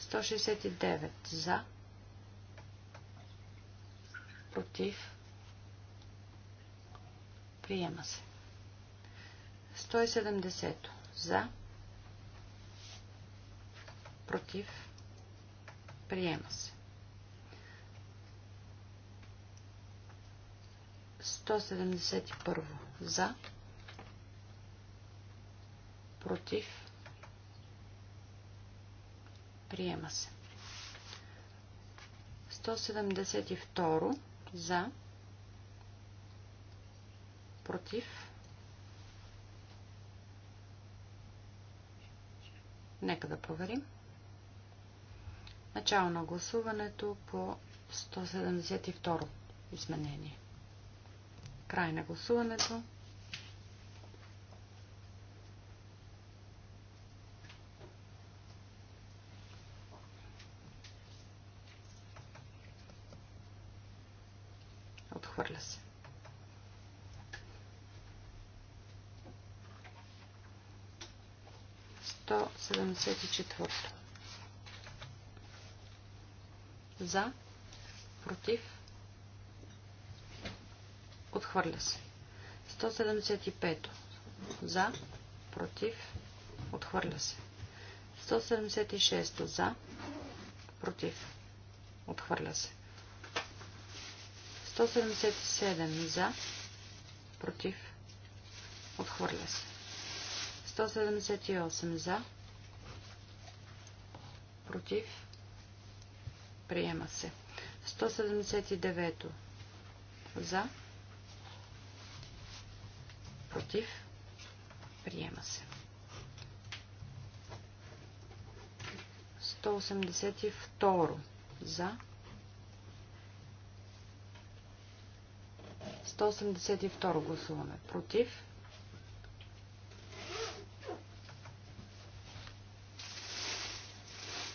169 за. Против. Приема се. 170 за, против, приема се. 171 за, против, приема се. 172 за, против, Нека да проверим. Начало на гласуването по 172 изменение. Край на гласуването. 74. За. Против. Отхвърля се. 175. За. Против. Отхвърля се. 176. За. Против. Отхвърля се. 177. За. Против. Отхвърля се. 178. За против, приема се. 179 за, против, приема се. 182 за, 182 гласуваме против,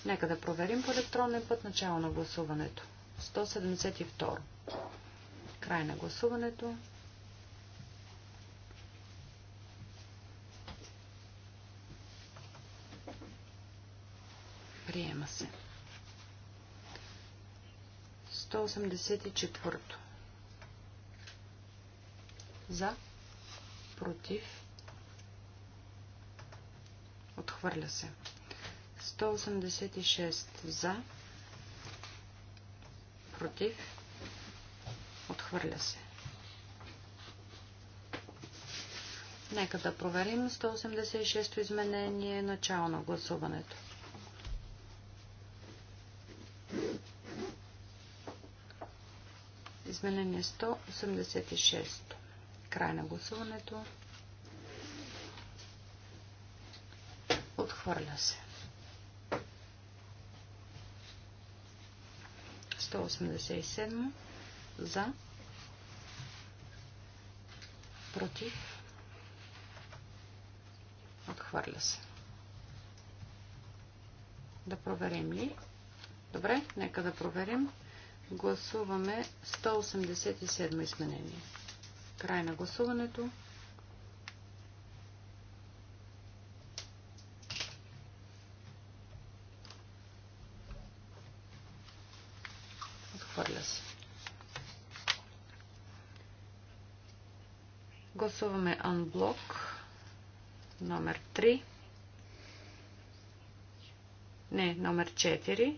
Нека да проверим по електронен път начало на гласуването. 172. Край на гласуването. Приема се. 184. За. Против. Отхвърля се. 186 за, против, отхвърля се. Нека да проверим 186-то изменение, начало на гласуването. Изменение 186. Край на гласуването. Отхвърля се. 187 за, против, отхвърля се. Да проверим ли? Добре, нека да проверим. Гласуваме 187 изменение. Край на гласуването. Гласуваме анблок номер 3. Не, номер 4.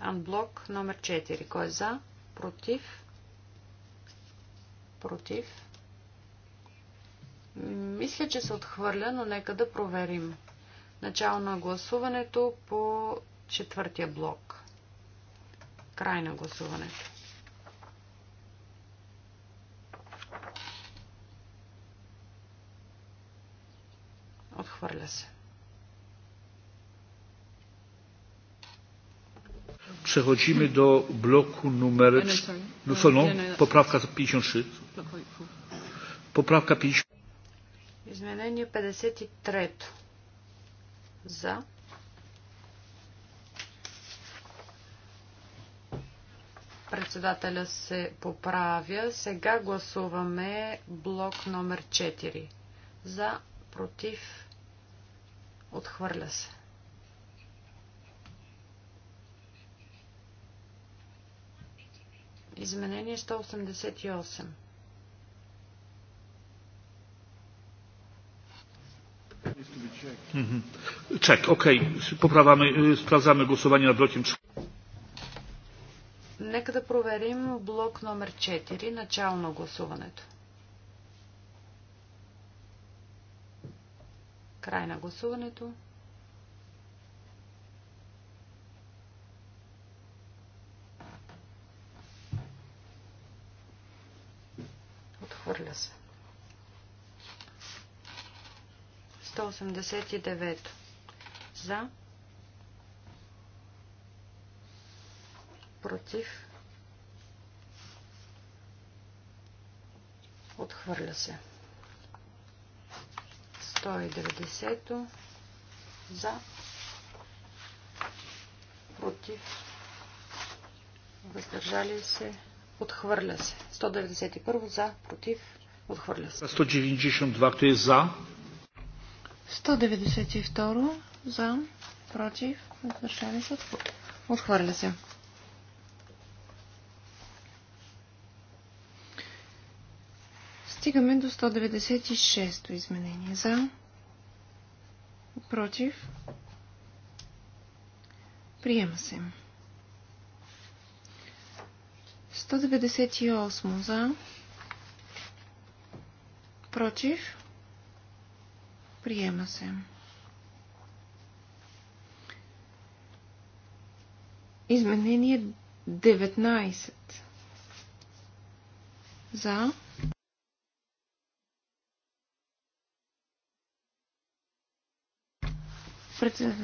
Анблок номер 4. Кой е за? Против? Против? Мисля, че се отхвърля, но нека да проверим. Начало на гласуването по четвъртия блок. Край на гласуването. Отхвърля се. Przechodzimy do bloku numer... No, no, no, poprawka 53. Поправка 50. Изменение 53. За. Председателя се поправя. Сега гласуваме блок номер 4. За, против, Отхвърля се. Изменение 188. окей, ok. Poprawamy, sprawdzamy głosowanie nad blokiem. Нека да проверим блок номер 4, начало на гласуването. Край на гласуването. Отхвърля се. 189. За. Против. Отхвърля се. 190 за, против, въздържали се, отхвърля се. 191 за, против, отхвърля се. 192 кто е за? 192 за, против, въздържали се, отхвърля се. Стигаме до 196-то изменение. За. Против. Приема се. 198 за. Против. Приема се. Изменение 19. За.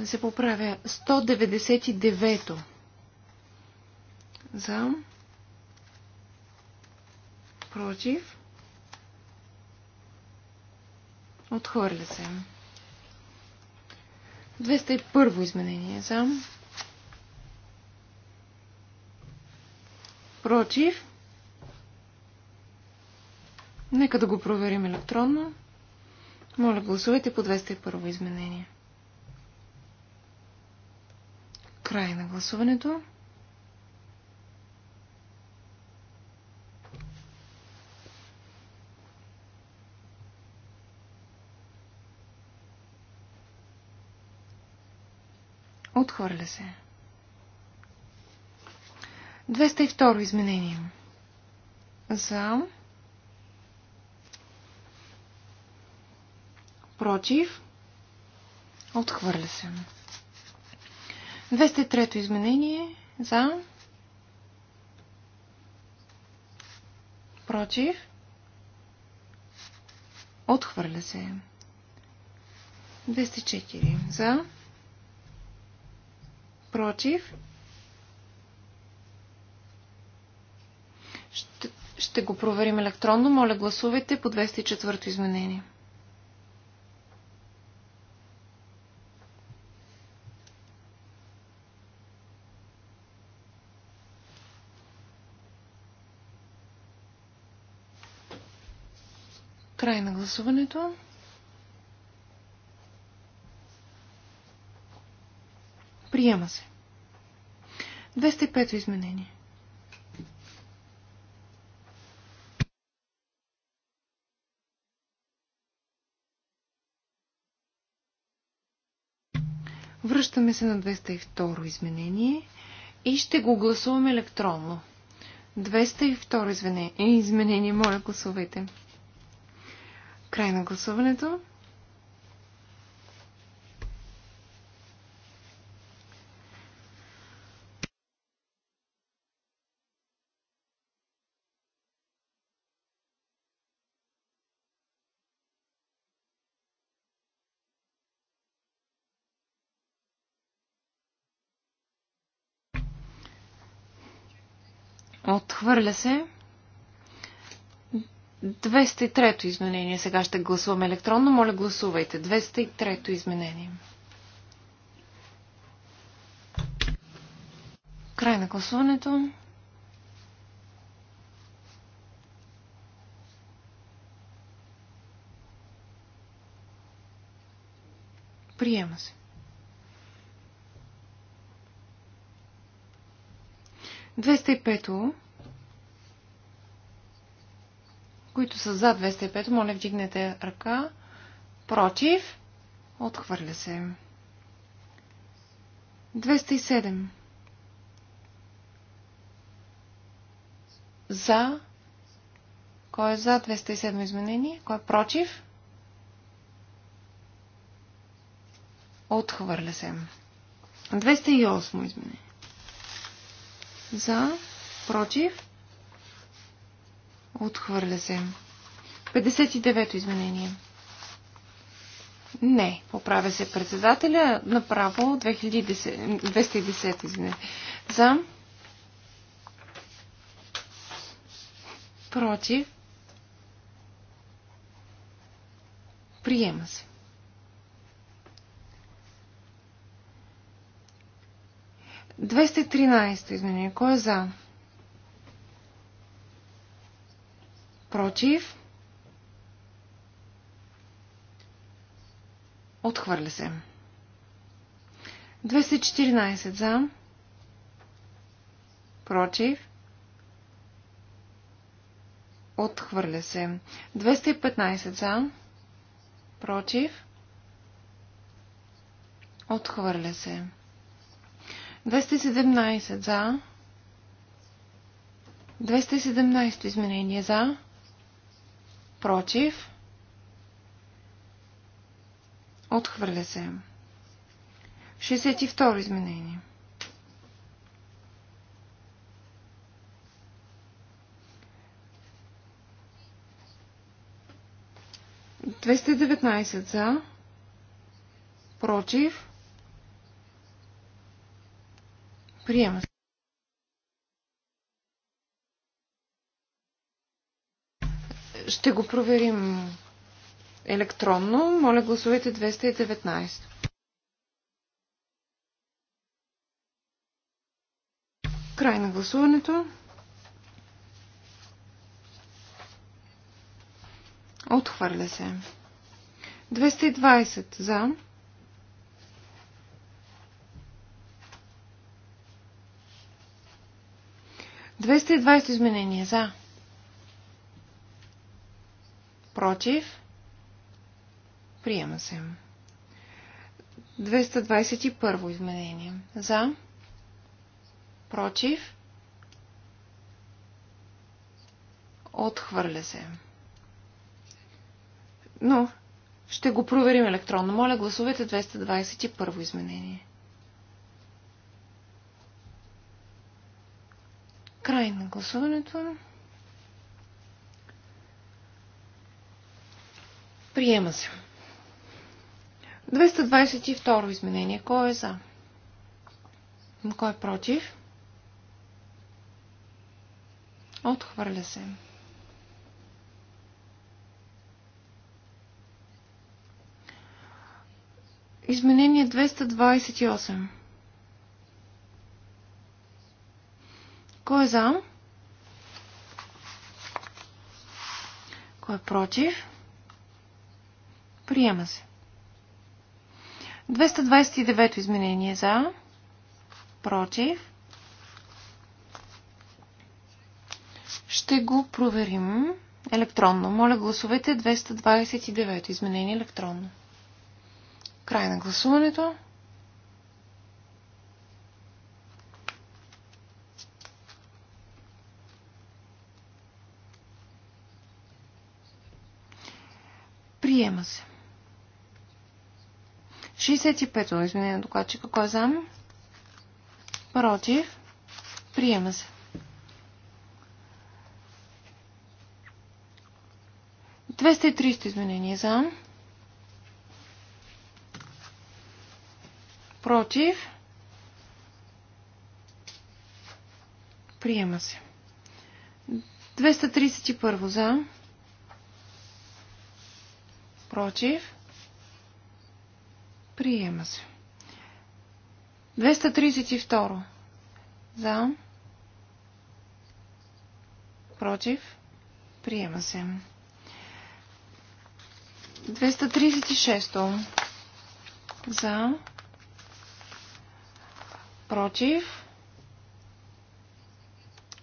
се поправя. 199 за против отхвърля се. 201 во изменение за против Нека да го проверим електронно. Моля, гласувайте по 201 изменение. Край на гласуването. Отхвърля се. 202 изменение. За. Против. Отхвърля се. 203-то изменение за против отхвърля се. 204 за против ще, ще го проверим електронно. Моля гласувайте по 204-то изменение. гласуването. Приема се. 205 изменение. Връщаме се на 202 изменение и ще го гласуваме електронно. 202 изменение. Моля, гласувайте. Край на гласуването. Отхвърля се. 203-то изменение. Сега ще гласуваме електронно. Моля, гласувайте. 203-то изменение. Край на гласуването. Приема се. Двеста и пето. които са за 205, моля вдигнете ръка. Против. Отхвърля се. 207. За. Кой е за 207 изменение? Кой е против? Отхвърля се. 208 изменение. За. Против. Отхвърля се. 59-то изменение. Не, поправя се председателя направо 210 изменение. За. Против. Приема се. Двеста изменение. Кой е за? Против. Отхвърля се. 214 за. Против. Отхвърля се. 215 за. Против. Отхвърля се. 217 за. 217 изменение за против, отхвърля се. 62 изменение. Двеста деветнайсет за, против, приема се. Ще го проверим електронно. Моля, гласувайте 219. Край на гласуването. Отхвърля се. 220 за. 220 изменения за. Против. Приема се. 221 изменение. За. Против. Отхвърля се. Но ще го проверим електронно. Моля, гласувайте 221 изменение. Край на гласуването. Приема се. 222 изменение. Кой е за? Кой е против? Отхвърля се. Изменение 228. Кой е за? Кой е против? Приема се. 229 изменение за. Против. Ще го проверим електронно. Моля, гласувайте 229 изменение електронно. Край на гласуването. Приема се. 65-то изменение на докладчика. Кой е за? Против. Приема се. 230 изменение за. Против. Приема се. 231 за. Против. Приема се. 232. За. Против. Приема се. 236. За. Против.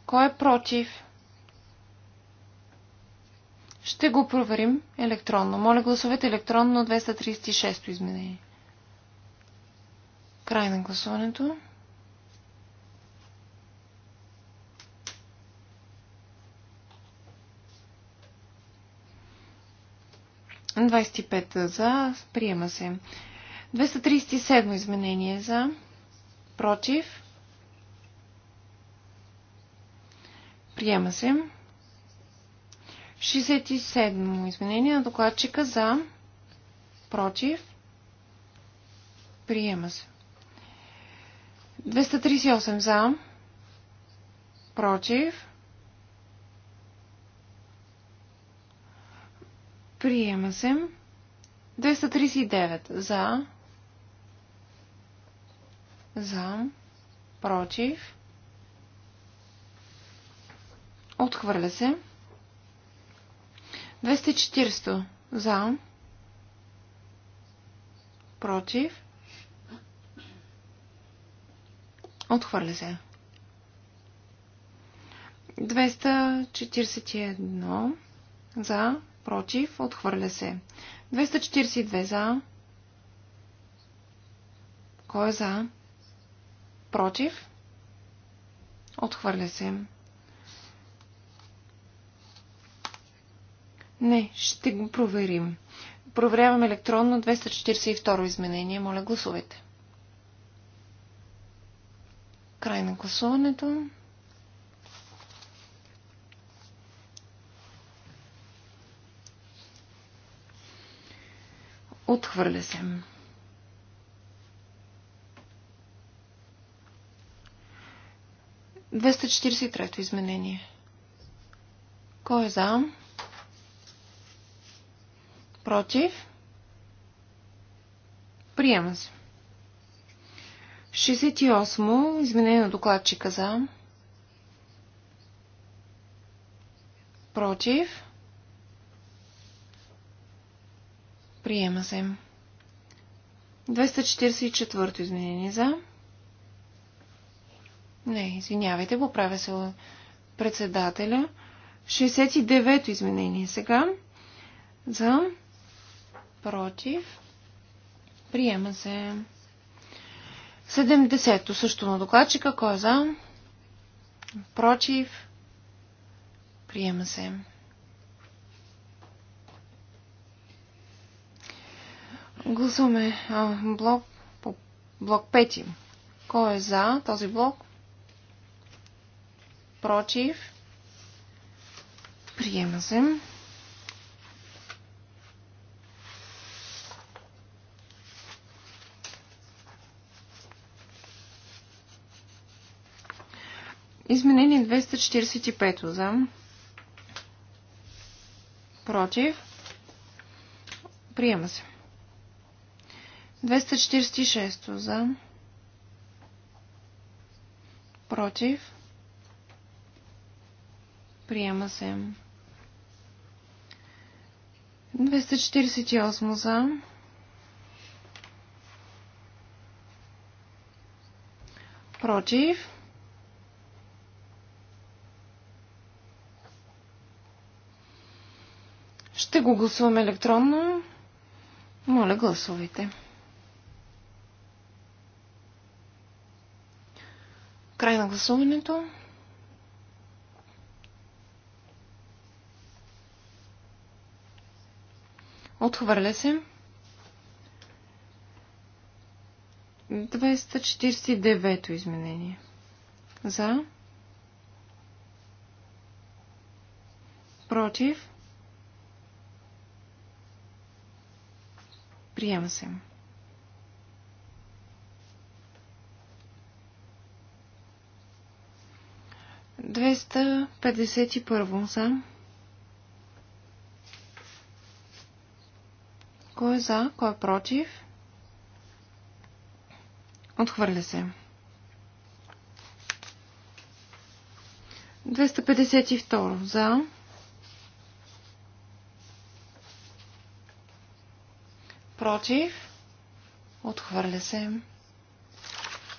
Кой е против? Ще го проверим електронно. Моля гласовете електронно 236 изменение. Край на гласуването. На 25 за. Приема се. 237 изменение за. Против. Приема се. 67 изменение на докладчика за. Против. Приема се. 238 за. Против. Приема се. 239 за. За. Против. Отхвърля се. 240 за. Против. Отхвърля се. 241 за, против, отхвърля се. 242 за. Кой е за? Против? Отхвърля се. Не, ще го проверим. Проверявам електронно 242 изменение. Моля, гласувайте. Край на гласуването. Отхвърля се. Двеста изменение. Кой е за? Против? Приема се. 68. Изменение на докладчика за. Против. Приема се. 244 изменение за. Не, извинявайте, поправя се председателя. 69 изменение сега. За. Против. Приема се. 70-то също на докладчика. Кой е за? Против? Приема се. Гласуваме блок, по, блок 5. Кой е за този блок? Против? Приема се. Изменение 245 за. Против. Приема се. 246 за. Против. Приема се. 248 за. Против. Ще го гласуваме електронно. Моля, гласувайте. Край на гласуването. Отхвърля се. 249 изменение. За. Против. Приема се. Двеста петдесет и първо за. Кой е за, кой е против? Отхвърля се. и второ за. Против. Отхвърля се.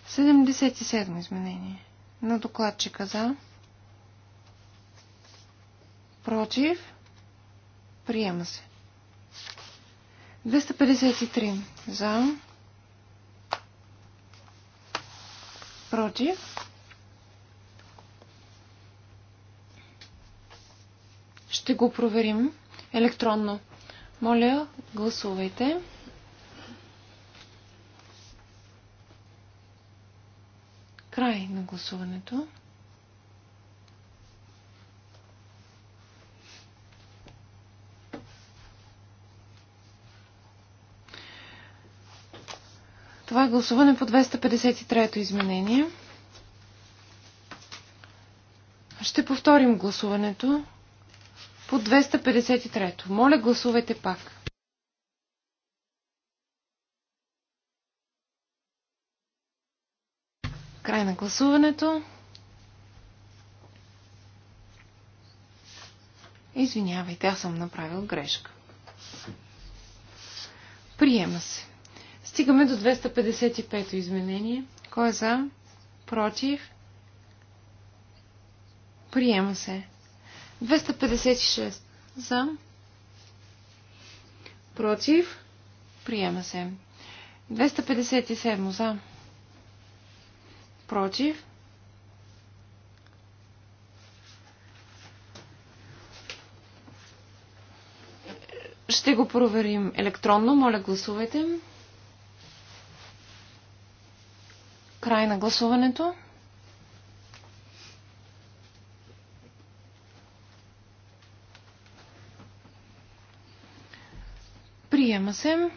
77 изменение. На докладчика за. Против. Приема се. 253 за. Против. Ще го проверим електронно. Моля, гласувайте. Край на гласуването. Това е гласуване по 253-то изменение. Ще повторим гласуването по 253. Моля, гласувайте пак. Край на гласуването. Извинявайте, аз съм направил грешка. Приема се. Стигаме до 255-то изменение. Кой е за? Против? Приема се. 256 за. Против. Приема се. 257 за. Против. Ще го проверим електронно. Моля, гласувайте. Край на гласуването. Приема се.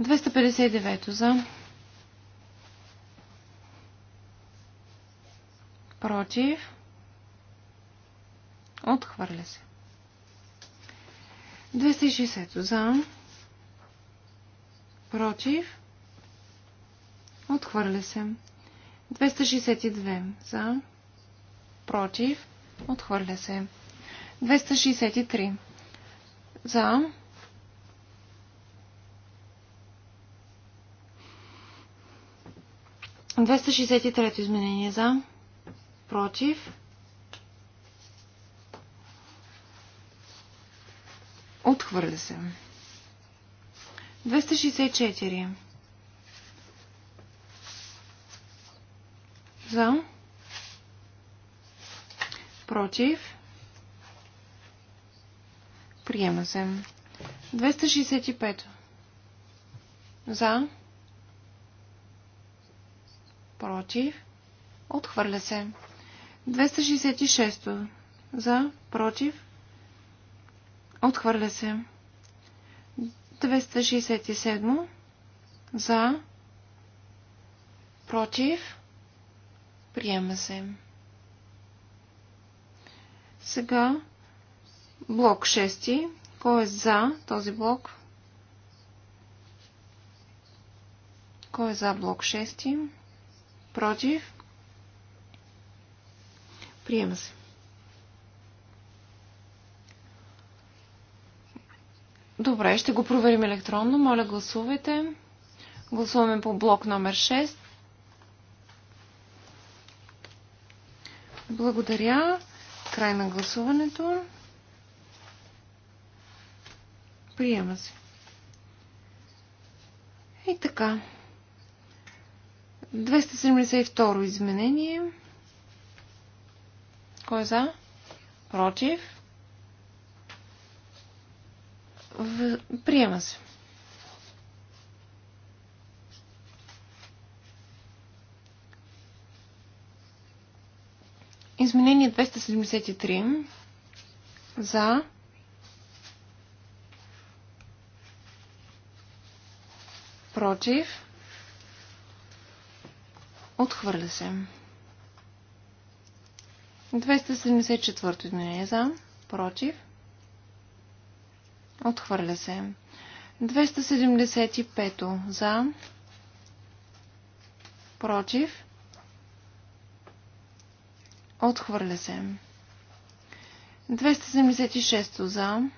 259 за. Против. Отхвърля се. 260 за. Против. Отхвърля се. 262 за. Против. Отхвърля се. 263. За. Двеста изменение за. Против. Отхвърля се. 264. За. Против. Приема се. 265. За. Против. Отхвърля се. 266. За. Против. Отхвърля се. 267. За. Против. Приема се. Сега Блок 6. Кой е за този блок? Кой е за блок 6? Против? Приема се. Добре, ще го проверим електронно. Моля, гласувайте. Гласуваме по блок номер 6. Благодаря. Край на гласуването. Приема се. И така. 272 изменение. Кой е за? Против. В... Приема се. Изменение 273. За. Против. Отхвърля се. 274 то изменение за. Против. Отхвърля се. 275 то за. Против. Отхвърля се. 276 за.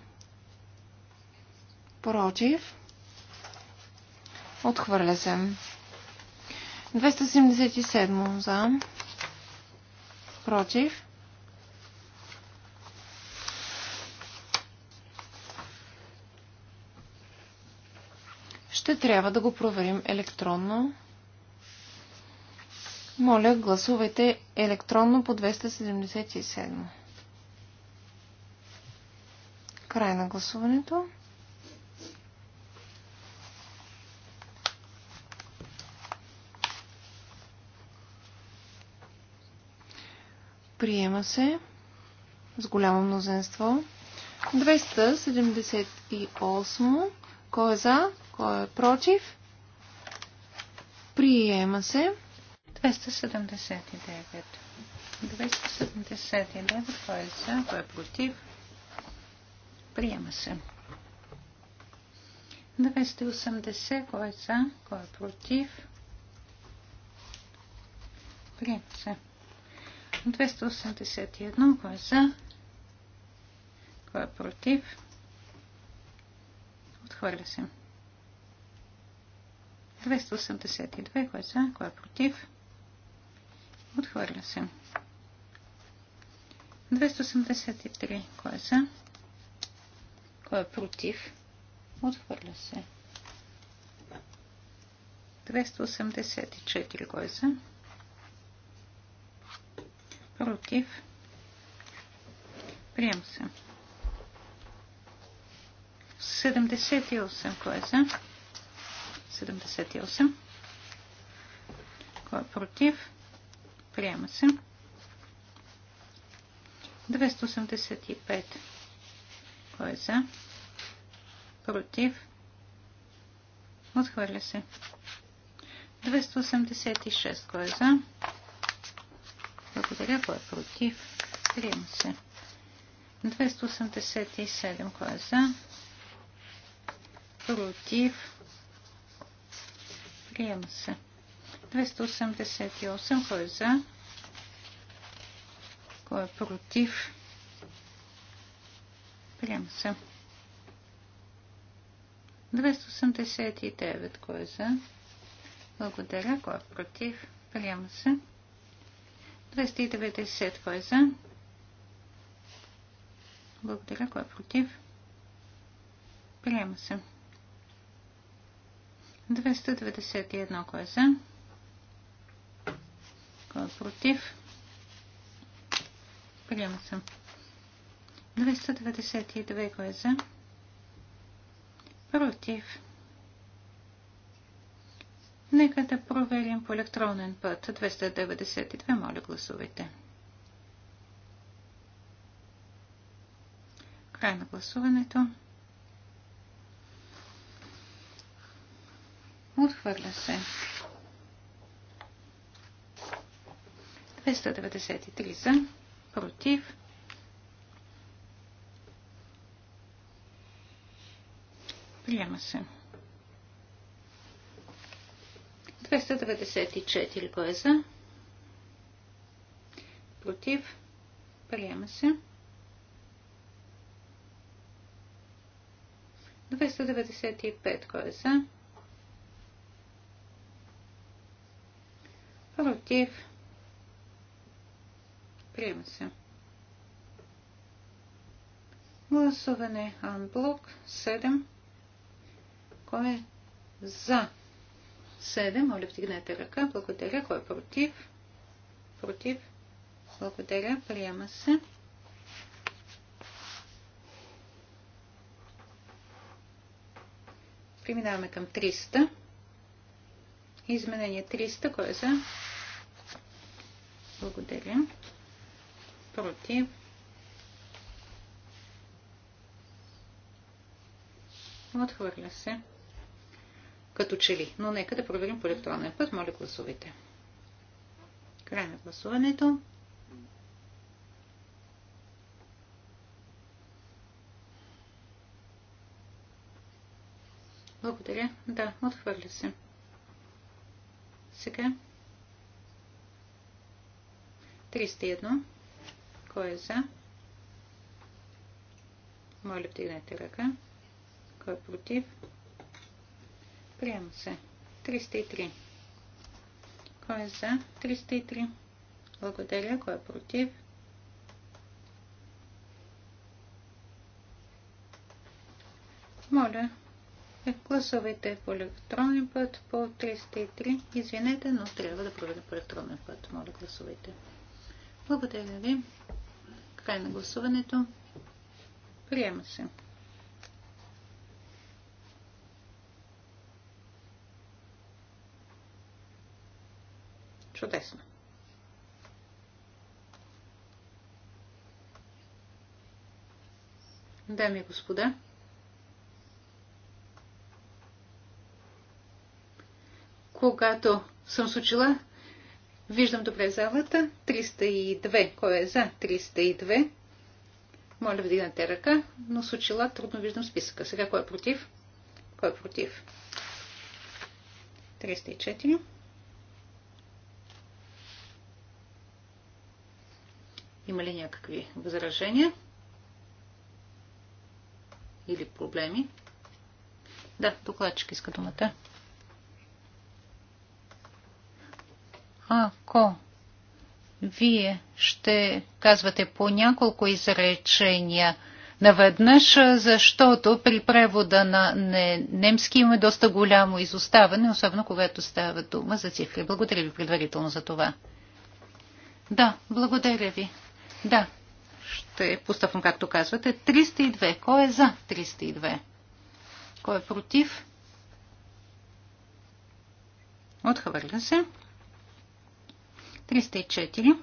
Против. Отхвърля се. 277 за. Против. Ще трябва да го проверим електронно. Моля, гласувайте електронно по 277. Край на гласуването. Приема се с голямо мнозенство. 278. Кой е за? Кой е против? Приема се. 279. 279. Кой е за? Кой е против? Приема се. 280. Кой е за? Кой е против? Приема се. 281. Кой е за? Кой е против? Отхвърля се. 282. Кой е за? Кой е против? Отхвърля се. 283. Кой е за? Кой е против? Отхвърля се. 284. Кой е за? против, приема се. 78, кой е за? 78. Кой е против? Приема се. 285. Кой е за? Против? Отхвърля се. 286. Кой е за? Благодаря. Кой е против? Приема се. 287. Кой е за? Против. Приема се. 288. Кой е за? Кой е против? Приема се. 289. Кой е за? Благодаря. Кой е против? Приема се. 290. Кой е за? Благодаря. Кой е против? Приема се. 291. Кой е за? Кой е против? Приема се. 292. Кой е за? Против. Нека да проверим по електронен път. 292, моля гласувайте. Край на гласуването. Отхвърля се. 293 за, против. Приема се. 294. Кой е за? Против. Приема се. 295. Кой е за? Против. Приема се. Гласуване анблок 7. Кой е за? 7. Моля, вдигнете ръка. Благодаря. Кой е против? Против. Благодаря. Приема се. Преминаваме към 300. Изменение 300. Кой е за? Благодаря. Против. Отхвърля се като че ли. Но нека да проверим по електронен път. Моля, гласувайте. Край на гласуването. Благодаря. Да, отхвърля се. Сега. 301. Кой е за? Моля, вдигнете ръка. Кой е против? Приема се. 303. Кой е за? 303. Благодаря. Кой е против? Моля, е, гласувайте по електронен път по 303. Извинете, но трябва да проведа по електронен път. Моля, гласувайте. Благодаря ви. Край на гласуването. Приема се. Чудесно. Дами и господа, когато съм с виждам добре залата. 302. Кой е за 302? Моля, вдигнете ръка, но случила очила трудно виждам списъка. Сега кой е против? Кой е против? 304. Има ли някакви възражения? Или проблеми? Да, докладчик иска думата. Ако вие ще казвате по няколко изречения наведнъж, защото при превода на немски има доста голямо изоставане, особено когато става дума за цифри. Благодаря ви предварително за това. Да, благодаря ви. Да, ще постъпвам както казвате. 302. Кой е за 302? Кой е против? Отхвърля се. 304.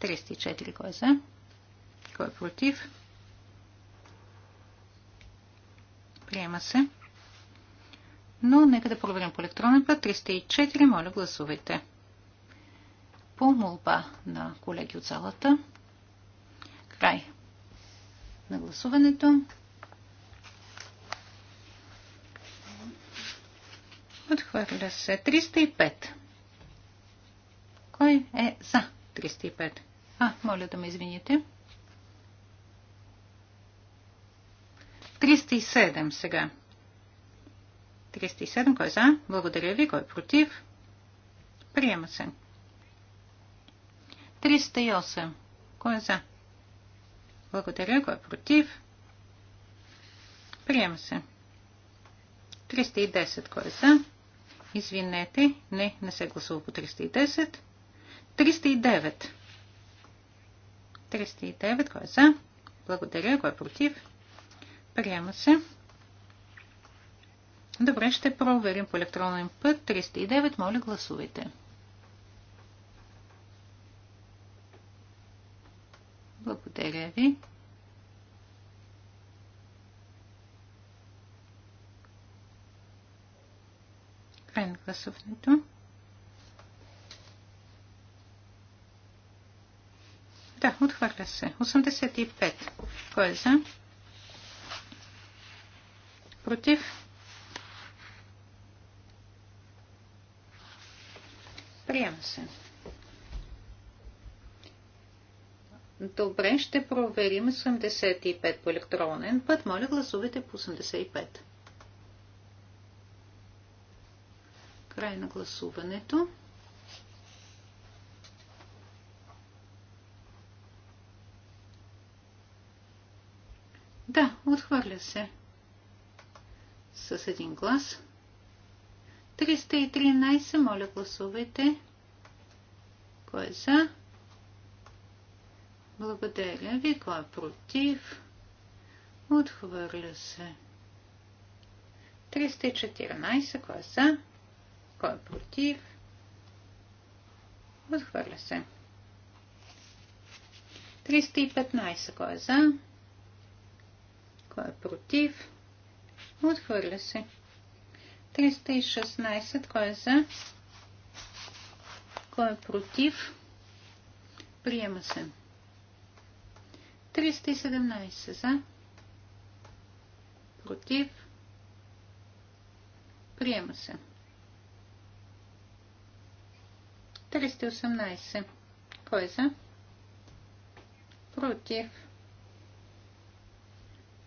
304 кой е за? Кой е против? Приема се. Но нека да проверим по електронен път. 304, моля гласувайте. 304 по молба на колеги от залата. Край на гласуването. Отхвърля се 305. Кой е за 305? А, моля да ме извините. 307 сега. 307, кой е за? Благодаря ви, кой е против? Приема се. 308. 308. Кой е за? Благодаря. Кой е против? Приема се. 310. Кой е за? Извинете. Не, не се гласува по 310. 309. 309. Кой е за? Благодаря. Кой е против? Приема се. Добре, ще проверим по електронен път. 309. Моля, гласувайте. 309. Благодаря ви. Край на гласуването. Да, отхвърля се. 85. Кой е за? Против? Приема се. Добре, ще проверим 85 по електронен път. Моля, гласувайте по 85. Край на гласуването. Да, отхвърля се. С един глас. 313, моля гласувайте. Кой е за? Благодаря ви. Кой е против? Отхвърля се. 314. Кой е за? Кой е против? Отхвърля се. 315. Кой е за? Кой е против? Отхвърля се. 316. Кой е за? Кой е против? Приема се. 317 за. Против. Приема се. 318. Кой е за? Против.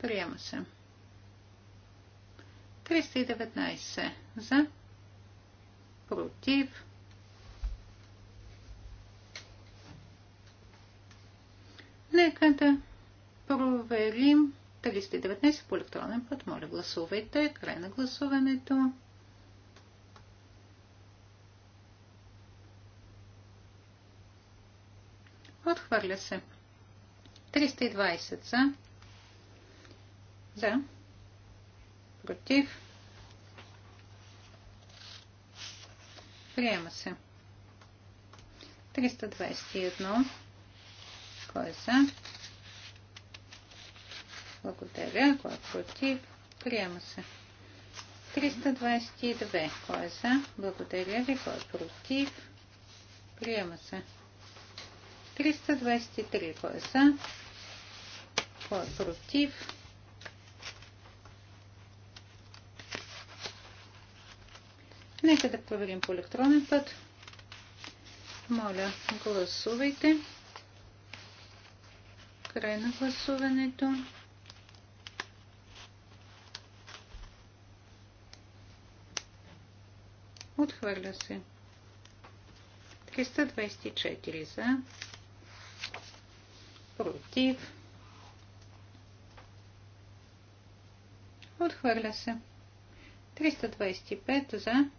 Приема се. 319 за. Против. Нека да проверим 319 по електронен път. Моля, гласувайте. Край на гласуването. Отхвърля се. 320 за. За. Против. Приема се. 321 кой е за? Благодаря. Кой е против? Приема се. 322. Кой е за? Благодаря ви. Кой е против? Приема се. 323. Кой е за? Кой е против? Нека да проверим по електронен път. Моля, гласувайте. Край на гласуването. Отхвърля се. 324 за. Против. Отхвърля се. 325 за.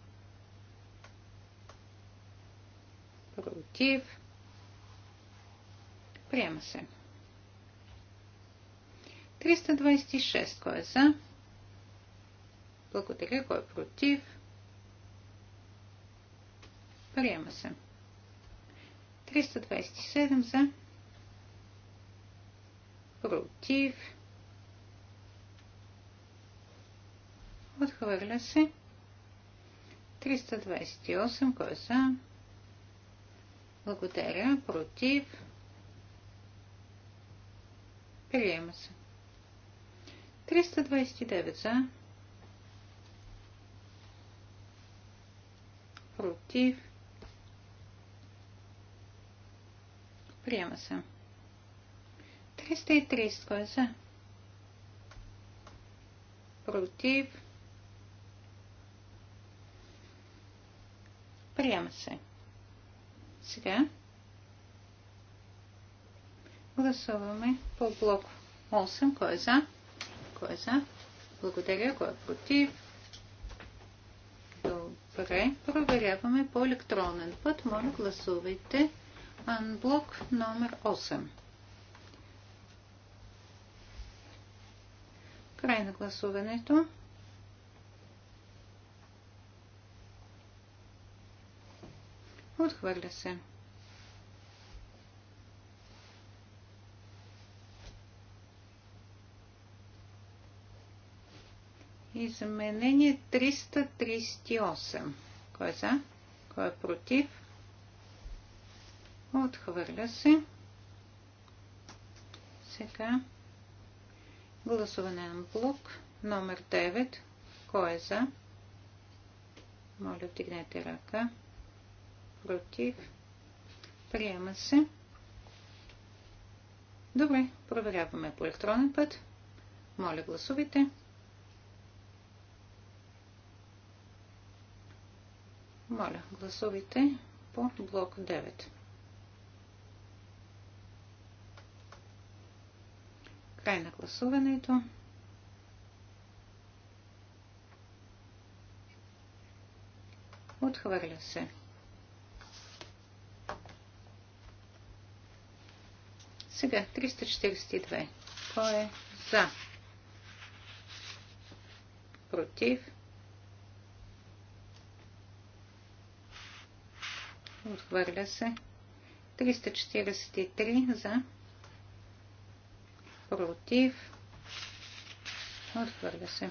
Против. Приема се. 326. Кой е за? Благодаря. Кой е против? Приема се. 327 за. Против. Отхвърля се. 328. Кой е за? Благодаря. Против. Приема се. 329 за. Против. Приема се. 330 кой е за? Против. Приема се. Сега гласуваме по блок 8. Кой е за? Кой е за? Благодаря. Кой е против? Добре. Проверяваме по електронен път. Моля, гласувайте. Анблок номер 8. Край на гласуването. Отхвърля се. Изменение 338. Кой е за? Кой е против? Отхвърля се. Сега гласуване на блок номер 9. Кой е за? Моля, вдигнете ръка. Против. Приема се. Добре, проверяваме по електронен път. Моля, гласувайте. Моля, гласувайте по блок 9. Край на гласуването. Отхвърля се. Сега 342. Кой е за? Против? Отхвърля се. 343 за. Против. Отхвърля се.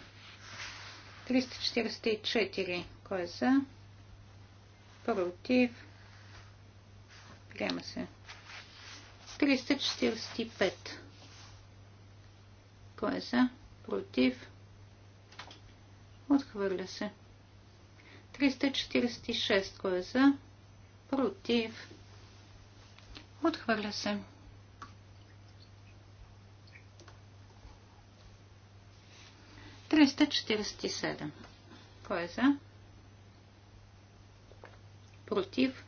344. Кой е за? Против. Приема се. 345. Кой е за? Против. Отхвърля се. 346. Кой е за? против, отхвърля се. Триста четиристи седем. Кой е за? Против.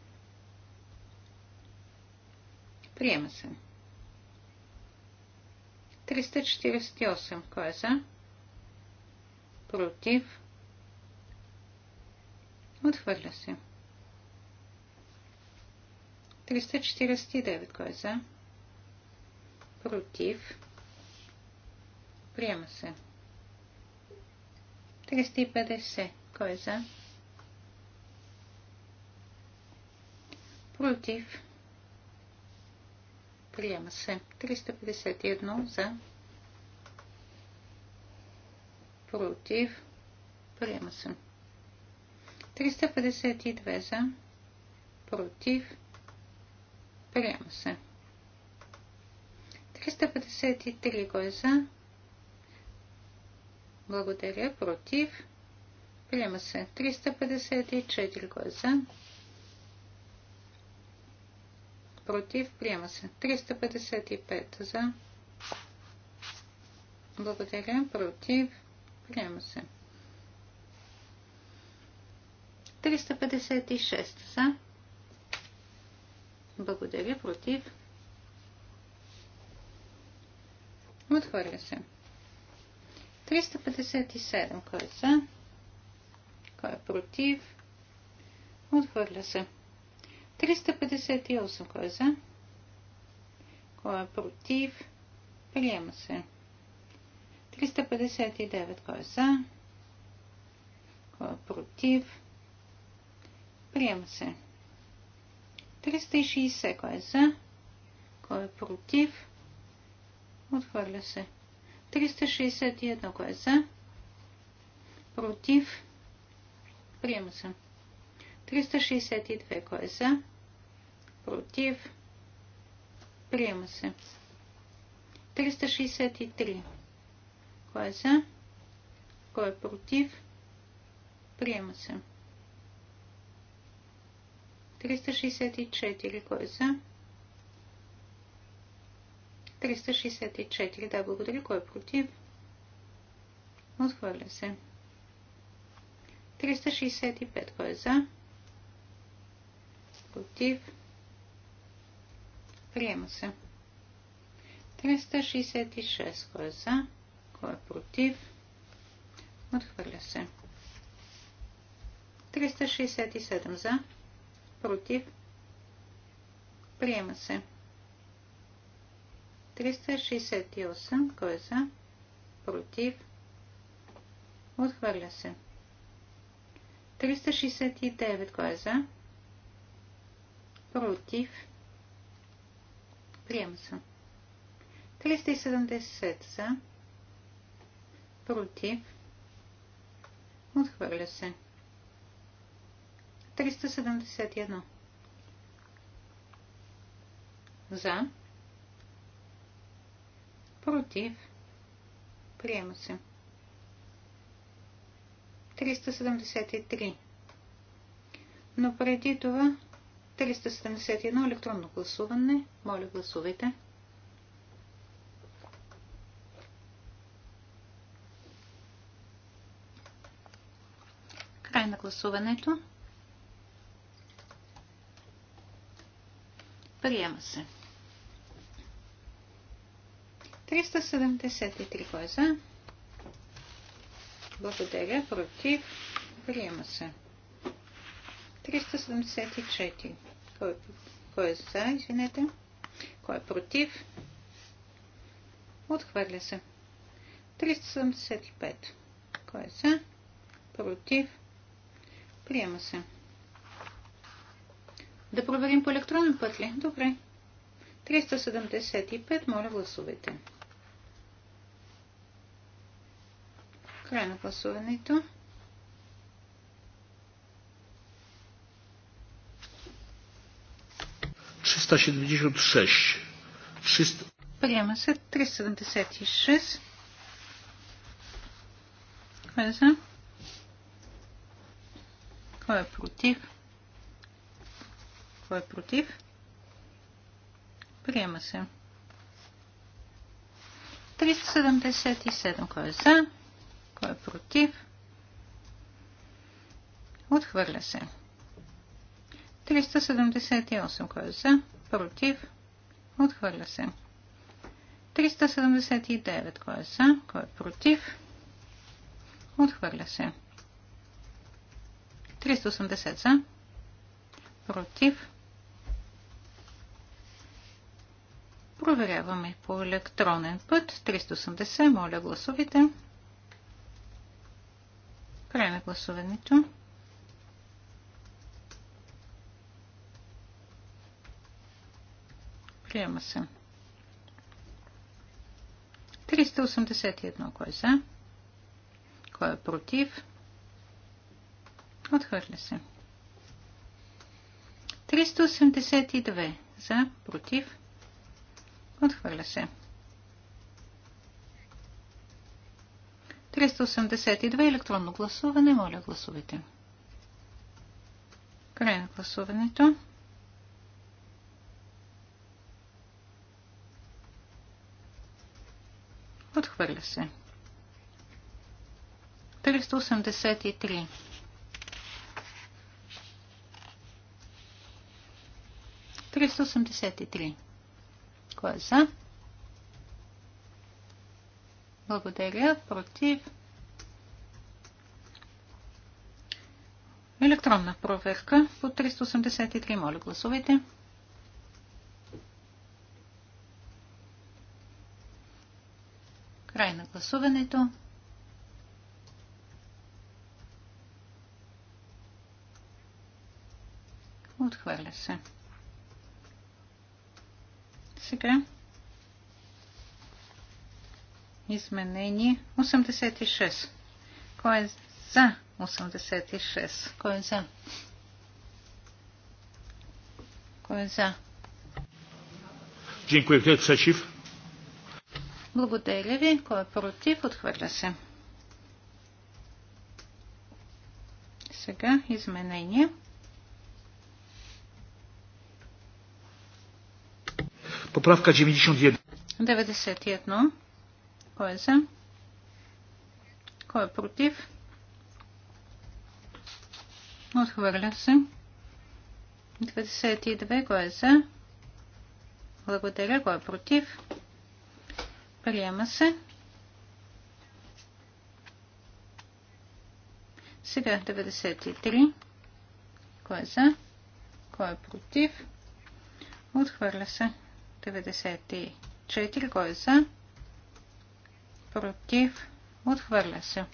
Приема се. осем. Кой е за? Против. Отхвърля се. 349. Кой е за? Против. Приема се. 350. Кой е за? Против. Приема се. 351 за. Против. Приема се. 352 за. Против. Приема се. 353 го е за? Благодаря. Против. Приема се. 354 го е за? Против. Приема се. 355 за. Благодаря. Против. Приема се. 356 за. Благодаря. Против. Отхвърля се. 357. Кой е за? Кой е против? Отхвърля се. 358. Кой е за? Кой е против? Приема се. 359. Кой е за? Кой е против? Приема се. 360. Кой е за? Кой е против? Отхвърля се. 361. Кой е за? Против? Приема се. 362. Кой е за? Против? Приема се. 363. Кой е за? Кой е против? Приема се. 364. Кой е за? 364. Да, благодаря. Кой е против? Отхвърля се. 365. Кой е за? Против. Приема се. 366. Кой е за? Кой е против? Отхвърля се. 367 за против, приема се. 368, кой е за, против, отхвърля се. 369, кой е за, против, приема се. 370 за, против, отхвърля се. 371 371. За. Против. Приема се. 373. Но преди това 371 електронно гласуване. Моля, гласувайте. Край на гласуването. Приема се. 373 кой е за? Благодаря. Против. Приема се. 374. Кой, кой е за? Извинете. Кой е против? Отхвърля се. 375. Кой е за? Против. Приема се. 376. Да проверим по електронен път ли? Добре. 375, моля гласувайте. Край на гласуването. Приема се 376. Кой е за? Кой е против? Кой е против? Приема се. 377. Кой е за? Кой е против? Отхвърля се. 378. Кой е за? Против? Отхвърля се. 379. Кой е за? Кой е против? Отхвърля се. 380 за. Против. Проверяваме по електронен път. 380, моля гласувайте. Край на гласуването. Приема се. 381. Кой е за? Кой е против? Отхвърля се. 382. За, против. Отхвърля се. 382 електронно гласуване. Моля, гласувайте. Край на гласуването. Отхвърля се. 383. Триста три. Кой е за? Благодаря. Против. Електронна проверка по 383. Моля, гласувайте. Край на гласуването. Отхвърля се. Сега изменение 86. Кой е за 86? Кой е за? Кой е за? Дякую. Kto jest Благодаря ви. Кой е против? Отхвърля се. Сега изменение 87. Poprawka 91. 91. Кой е за? Кой е против? Отхвърля се. 92. Кой е за? Благодаря. Кой е против? Приема се. Сега 93. Кой е за? Кой е против? Отхвърля се. 94. Кой е за? Против. Отхвърля се.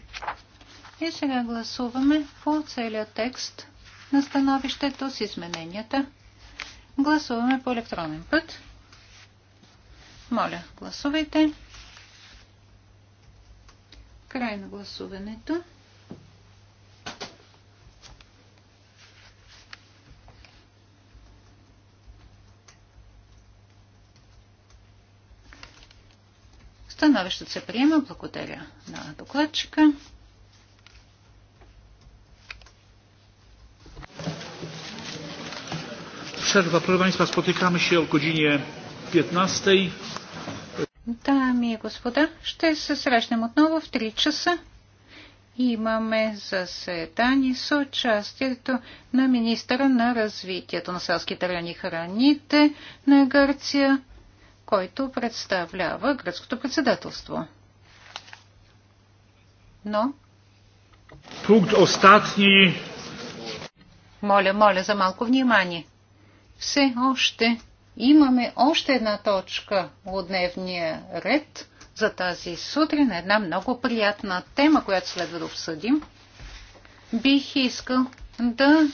И сега гласуваме по целият текст на становището с измененията. Гласуваме по електронен път. Моля, гласувайте. Край на гласуването. Становището се приема. Благодаря на докладчика. Przerwa. Proszę Państwa, spotykamy się o godzinie 15.00. Дами и господа, ще се срещнем отново в 3 часа. Имаме заседание с участието на ministra на развитието на na райони и храните на Гърция който представлява гръцкото председателство. Но. Пункт остатни. Моля, моля за малко внимание. Все още имаме още една точка от дневния ред за тази сутрин. Една много приятна тема, която следва да обсъдим. Бих искал да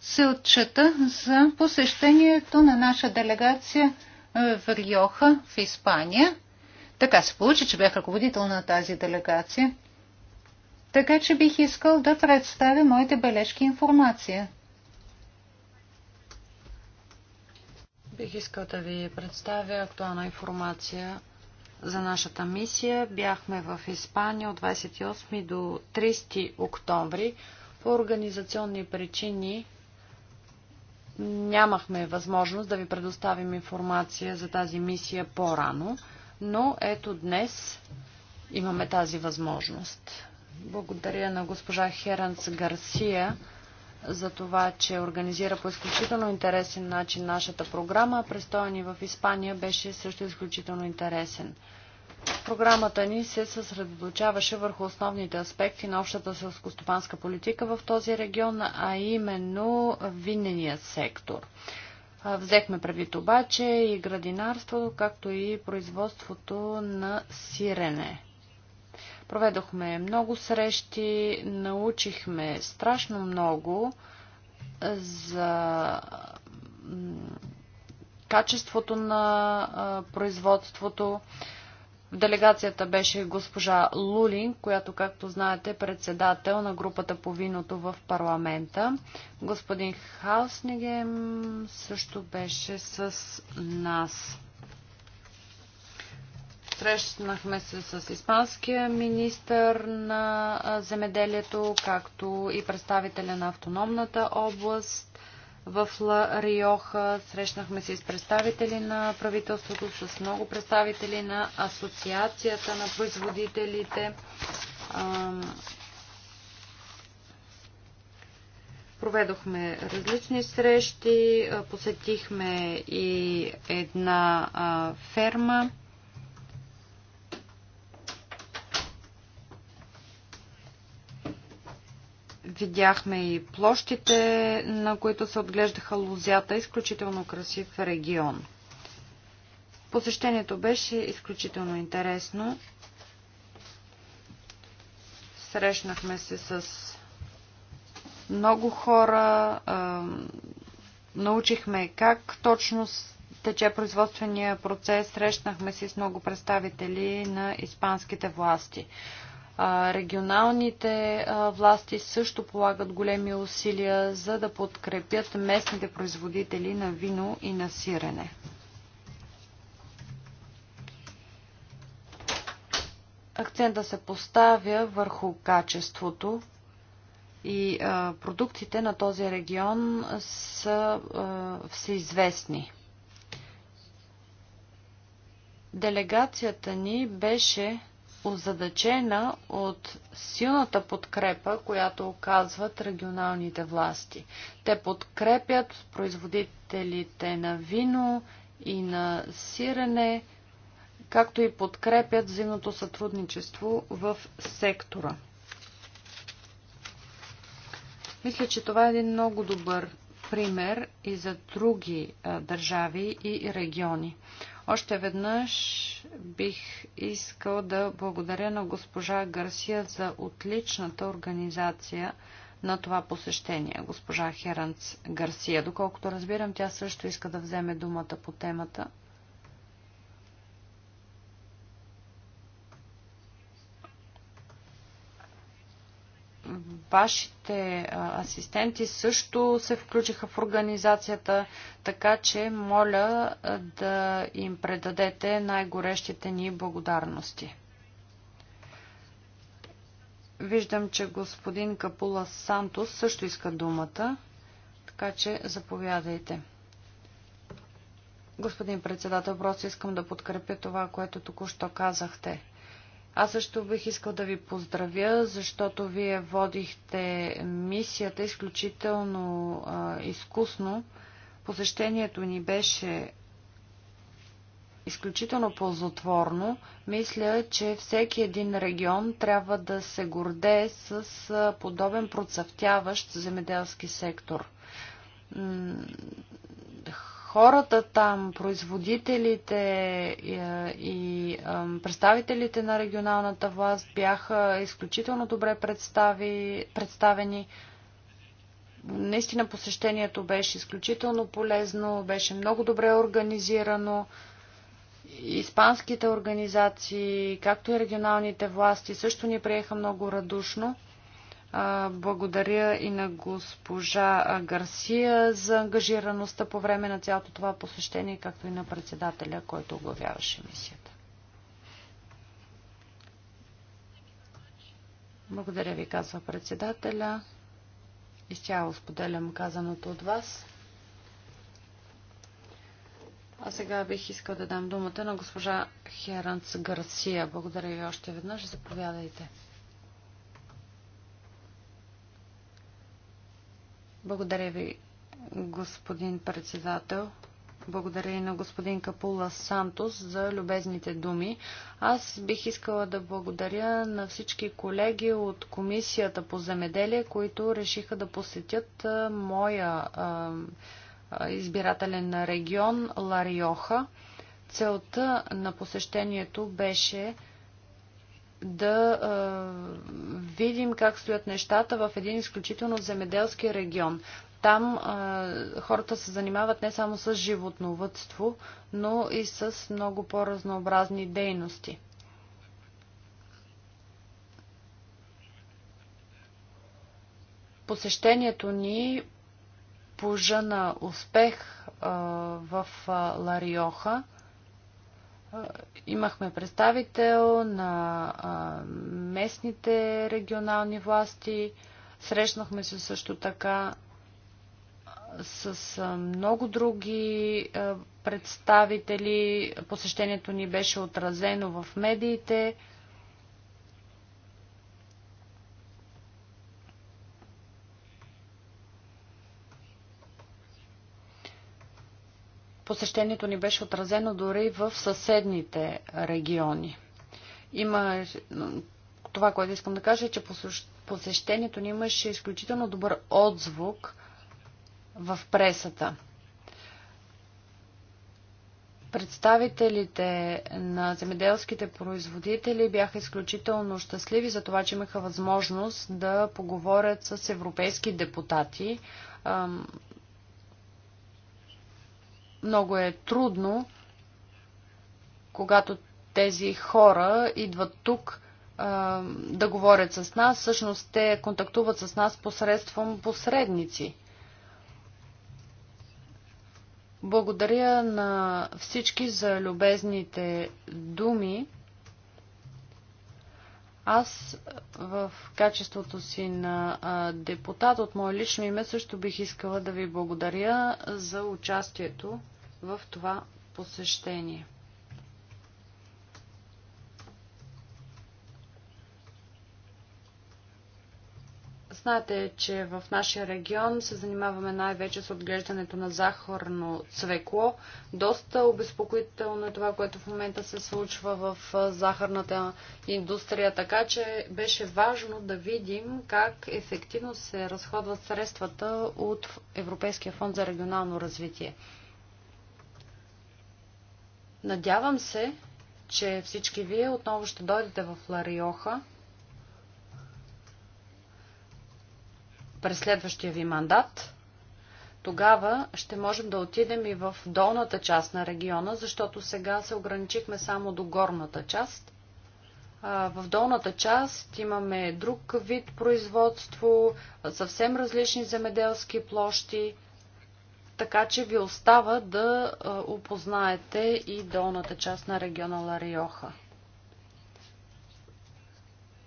се отчета за посещението на наша делегация е, в Риоха, в Испания. Така се получи, че бях ръководител на тази делегация. Така че бих искал да представя моите бележки и информация. Бих искал да ви представя актуална информация за нашата мисия. Бяхме в Испания от 28 до 30 октомври. По организационни причини нямахме възможност да ви предоставим информация за тази мисия по-рано, но ето днес имаме тази възможност. Благодаря на госпожа Херанц Гарсия за това, че организира по изключително интересен начин нашата програма. Престоя ни в Испания беше също изключително интересен. Програмата ни се съсредоточаваше върху основните аспекти на общата селскостопанска политика в този регион, а именно винения сектор. Взехме предвид обаче и градинарството, както и производството на сирене. Проведохме много срещи, научихме страшно много за качеството на производството. В делегацията беше госпожа Лулин, която, както знаете, е председател на групата по виното в парламента. Господин Хауснигем също беше с нас. Срещнахме се с испанския министр на земеделието, както и представителя на автономната област в Ла Риоха срещнахме се с представители на правителството, с много представители на Асоциацията на производителите. Проведохме различни срещи, посетихме и една ферма. Видяхме и площите, на които се отглеждаха лузята. Изключително красив регион. Посещението беше изключително интересно. Срещнахме се с много хора. Научихме как точно тече производствения процес. Срещнахме се с много представители на испанските власти. Регионалните власти също полагат големи усилия за да подкрепят местните производители на вино и на сирене. Акцента се поставя върху качеството и продуктите на този регион са всеизвестни. Делегацията ни беше озадачена от силната подкрепа, която оказват регионалните власти. Те подкрепят производителите на вино и на сирене, както и подкрепят взаимното сътрудничество в сектора. Мисля, че това е един много добър пример и за други а, държави и региони. Още веднъж бих искал да благодаря на госпожа Гарсия за отличната организация на това посещение. Госпожа Херанц Гарсия, доколкото разбирам, тя също иска да вземе думата по темата. вашите асистенти също се включиха в организацията, така че моля да им предадете най-горещите ни благодарности. Виждам, че господин Капула Сантос също иска думата, така че заповядайте. Господин председател, просто искам да подкрепя това, което току-що казахте. Аз също бих искал да ви поздравя, защото вие водихте мисията изключително а, изкусно. Посещението ни беше изключително ползотворно. Мисля, че всеки един регион трябва да се горде с подобен процъфтяващ земеделски сектор хората там, производителите е, и е, представителите на регионалната власт бяха изключително добре представи, представени. Наистина посещението беше изключително полезно, беше много добре организирано. Испанските организации, както и регионалните власти също ни приеха много радушно. Благодаря и на госпожа Гарсия за ангажираността по време на цялото това посещение, както и на председателя, който оглавяваше мисията. Благодаря ви, казва председателя. Изцяло споделям казаното от вас. А сега бих искал да дам думата на госпожа Херанц Гарсия. Благодаря ви още веднъж. Заповядайте. Благодаря ви, господин председател. Благодаря и на господин Капула Сантос за любезните думи. Аз бих искала да благодаря на всички колеги от Комисията по земеделие, които решиха да посетят моя избирателен регион Лариоха. Целта на посещението беше да а, видим как стоят нещата в един изключително земеделски регион. Там а, хората се занимават не само с животновътство, но и с много по-разнообразни дейности. Посещението ни пожа на успех а, в Лариоха – Имахме представител на местните регионални власти. Срещнахме се също така с много други представители. Посещението ни беше отразено в медиите. Посещението ни беше отразено дори в съседните региони. Има това, което искам да кажа, е, че посещението ни имаше изключително добър отзвук в пресата. Представителите на земеделските производители бяха изключително щастливи за това, че имаха възможност да поговорят с европейски депутати много е трудно, когато тези хора идват тук да говорят с нас. Всъщност те контактуват с нас посредством посредници. Благодаря на всички за любезните думи. Аз в качеството си на депутат от мое лично име също бих искала да ви благодаря за участието в това посещение. Знаете, че в нашия регион се занимаваме най-вече с отглеждането на захарно цвекло. Доста обезпокоително е това, което в момента се случва в захарната индустрия, така че беше важно да видим как ефективно се разходват средствата от Европейския фонд за регионално развитие. Надявам се, че всички вие отново ще дойдете в Лариоха през следващия ви мандат. Тогава ще можем да отидем и в долната част на региона, защото сега се ограничихме само до горната част. В долната част имаме друг вид производство, съвсем различни земеделски площи така че ви остава да опознаете и долната част на региона Лариоха.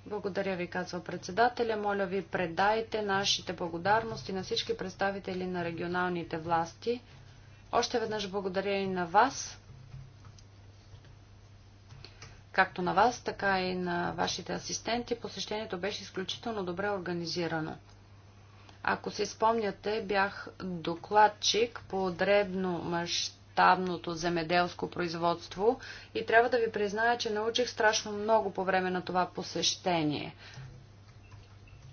Благодаря ви, казва председателя. Моля ви, предайте нашите благодарности на всички представители на регионалните власти. Още веднъж благодаря и на вас, както на вас, така и на вашите асистенти. Посещението беше изключително добре организирано. Ако си спомняте, бях докладчик по дребно мащабното земеделско производство и трябва да ви призная, че научих страшно много по време на това посещение.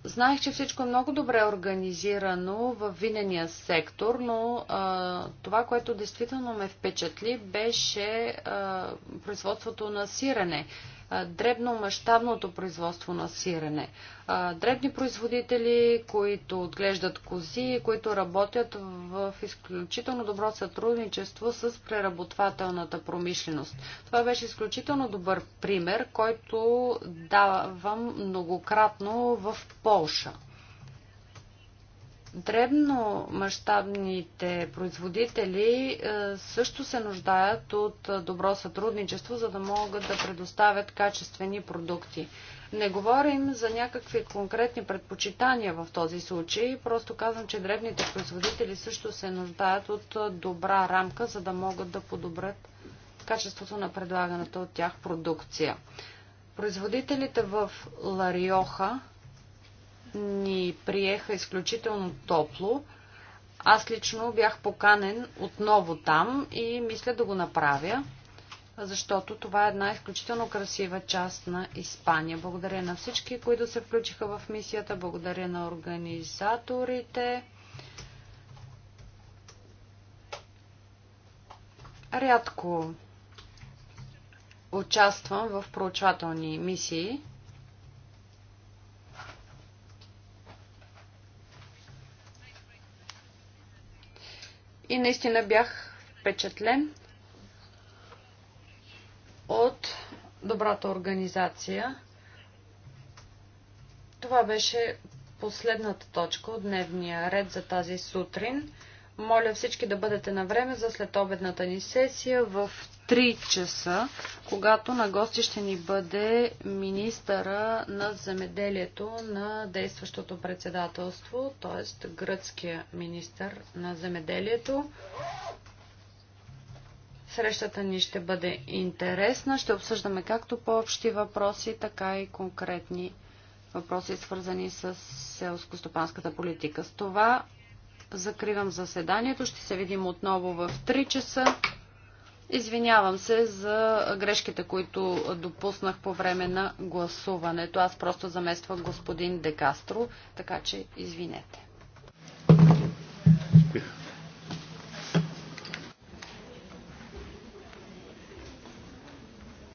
Знаех, че всичко е много добре организирано в винения сектор, но а, това, което действително ме впечатли, беше а, производството на сирене дребномащабното производство на сирене. Дребни производители, които отглеждат кози, които работят в изключително добро сътрудничество с преработвателната промишленост. Това беше изключително добър пример, който давам многократно в Полша. Дребномащабните производители е, също се нуждаят от е, добро сътрудничество, за да могат да предоставят качествени продукти. Не говорим за някакви конкретни предпочитания в този случай, просто казвам, че дребните производители също се нуждаят от е, добра рамка, за да могат да подобрят качеството на предлаганата от тях продукция. Производителите в Лариоха ни приеха изключително топло. Аз лично бях поканен отново там и мисля да го направя, защото това е една изключително красива част на Испания. Благодаря на всички, които се включиха в мисията, благодаря на организаторите. Рядко участвам в проучвателни мисии. и наистина бях впечатлен от добрата организация. Това беше последната точка от дневния ред за тази сутрин. Моля всички да бъдете на време за следобедната ни сесия в 3 часа, когато на гости ще ни бъде министъра на земеделието на действащото председателство, т.е. гръцкия министър на земеделието. Срещата ни ще бъде интересна. Ще обсъждаме както по-общи въпроси, така и конкретни въпроси, свързани с селско-стопанската политика. С това закривам заседанието. Ще се видим отново в 3 часа. Извинявам се за грешките, които допуснах по време на гласуването. Аз просто замествах господин Декастро, така че извинете.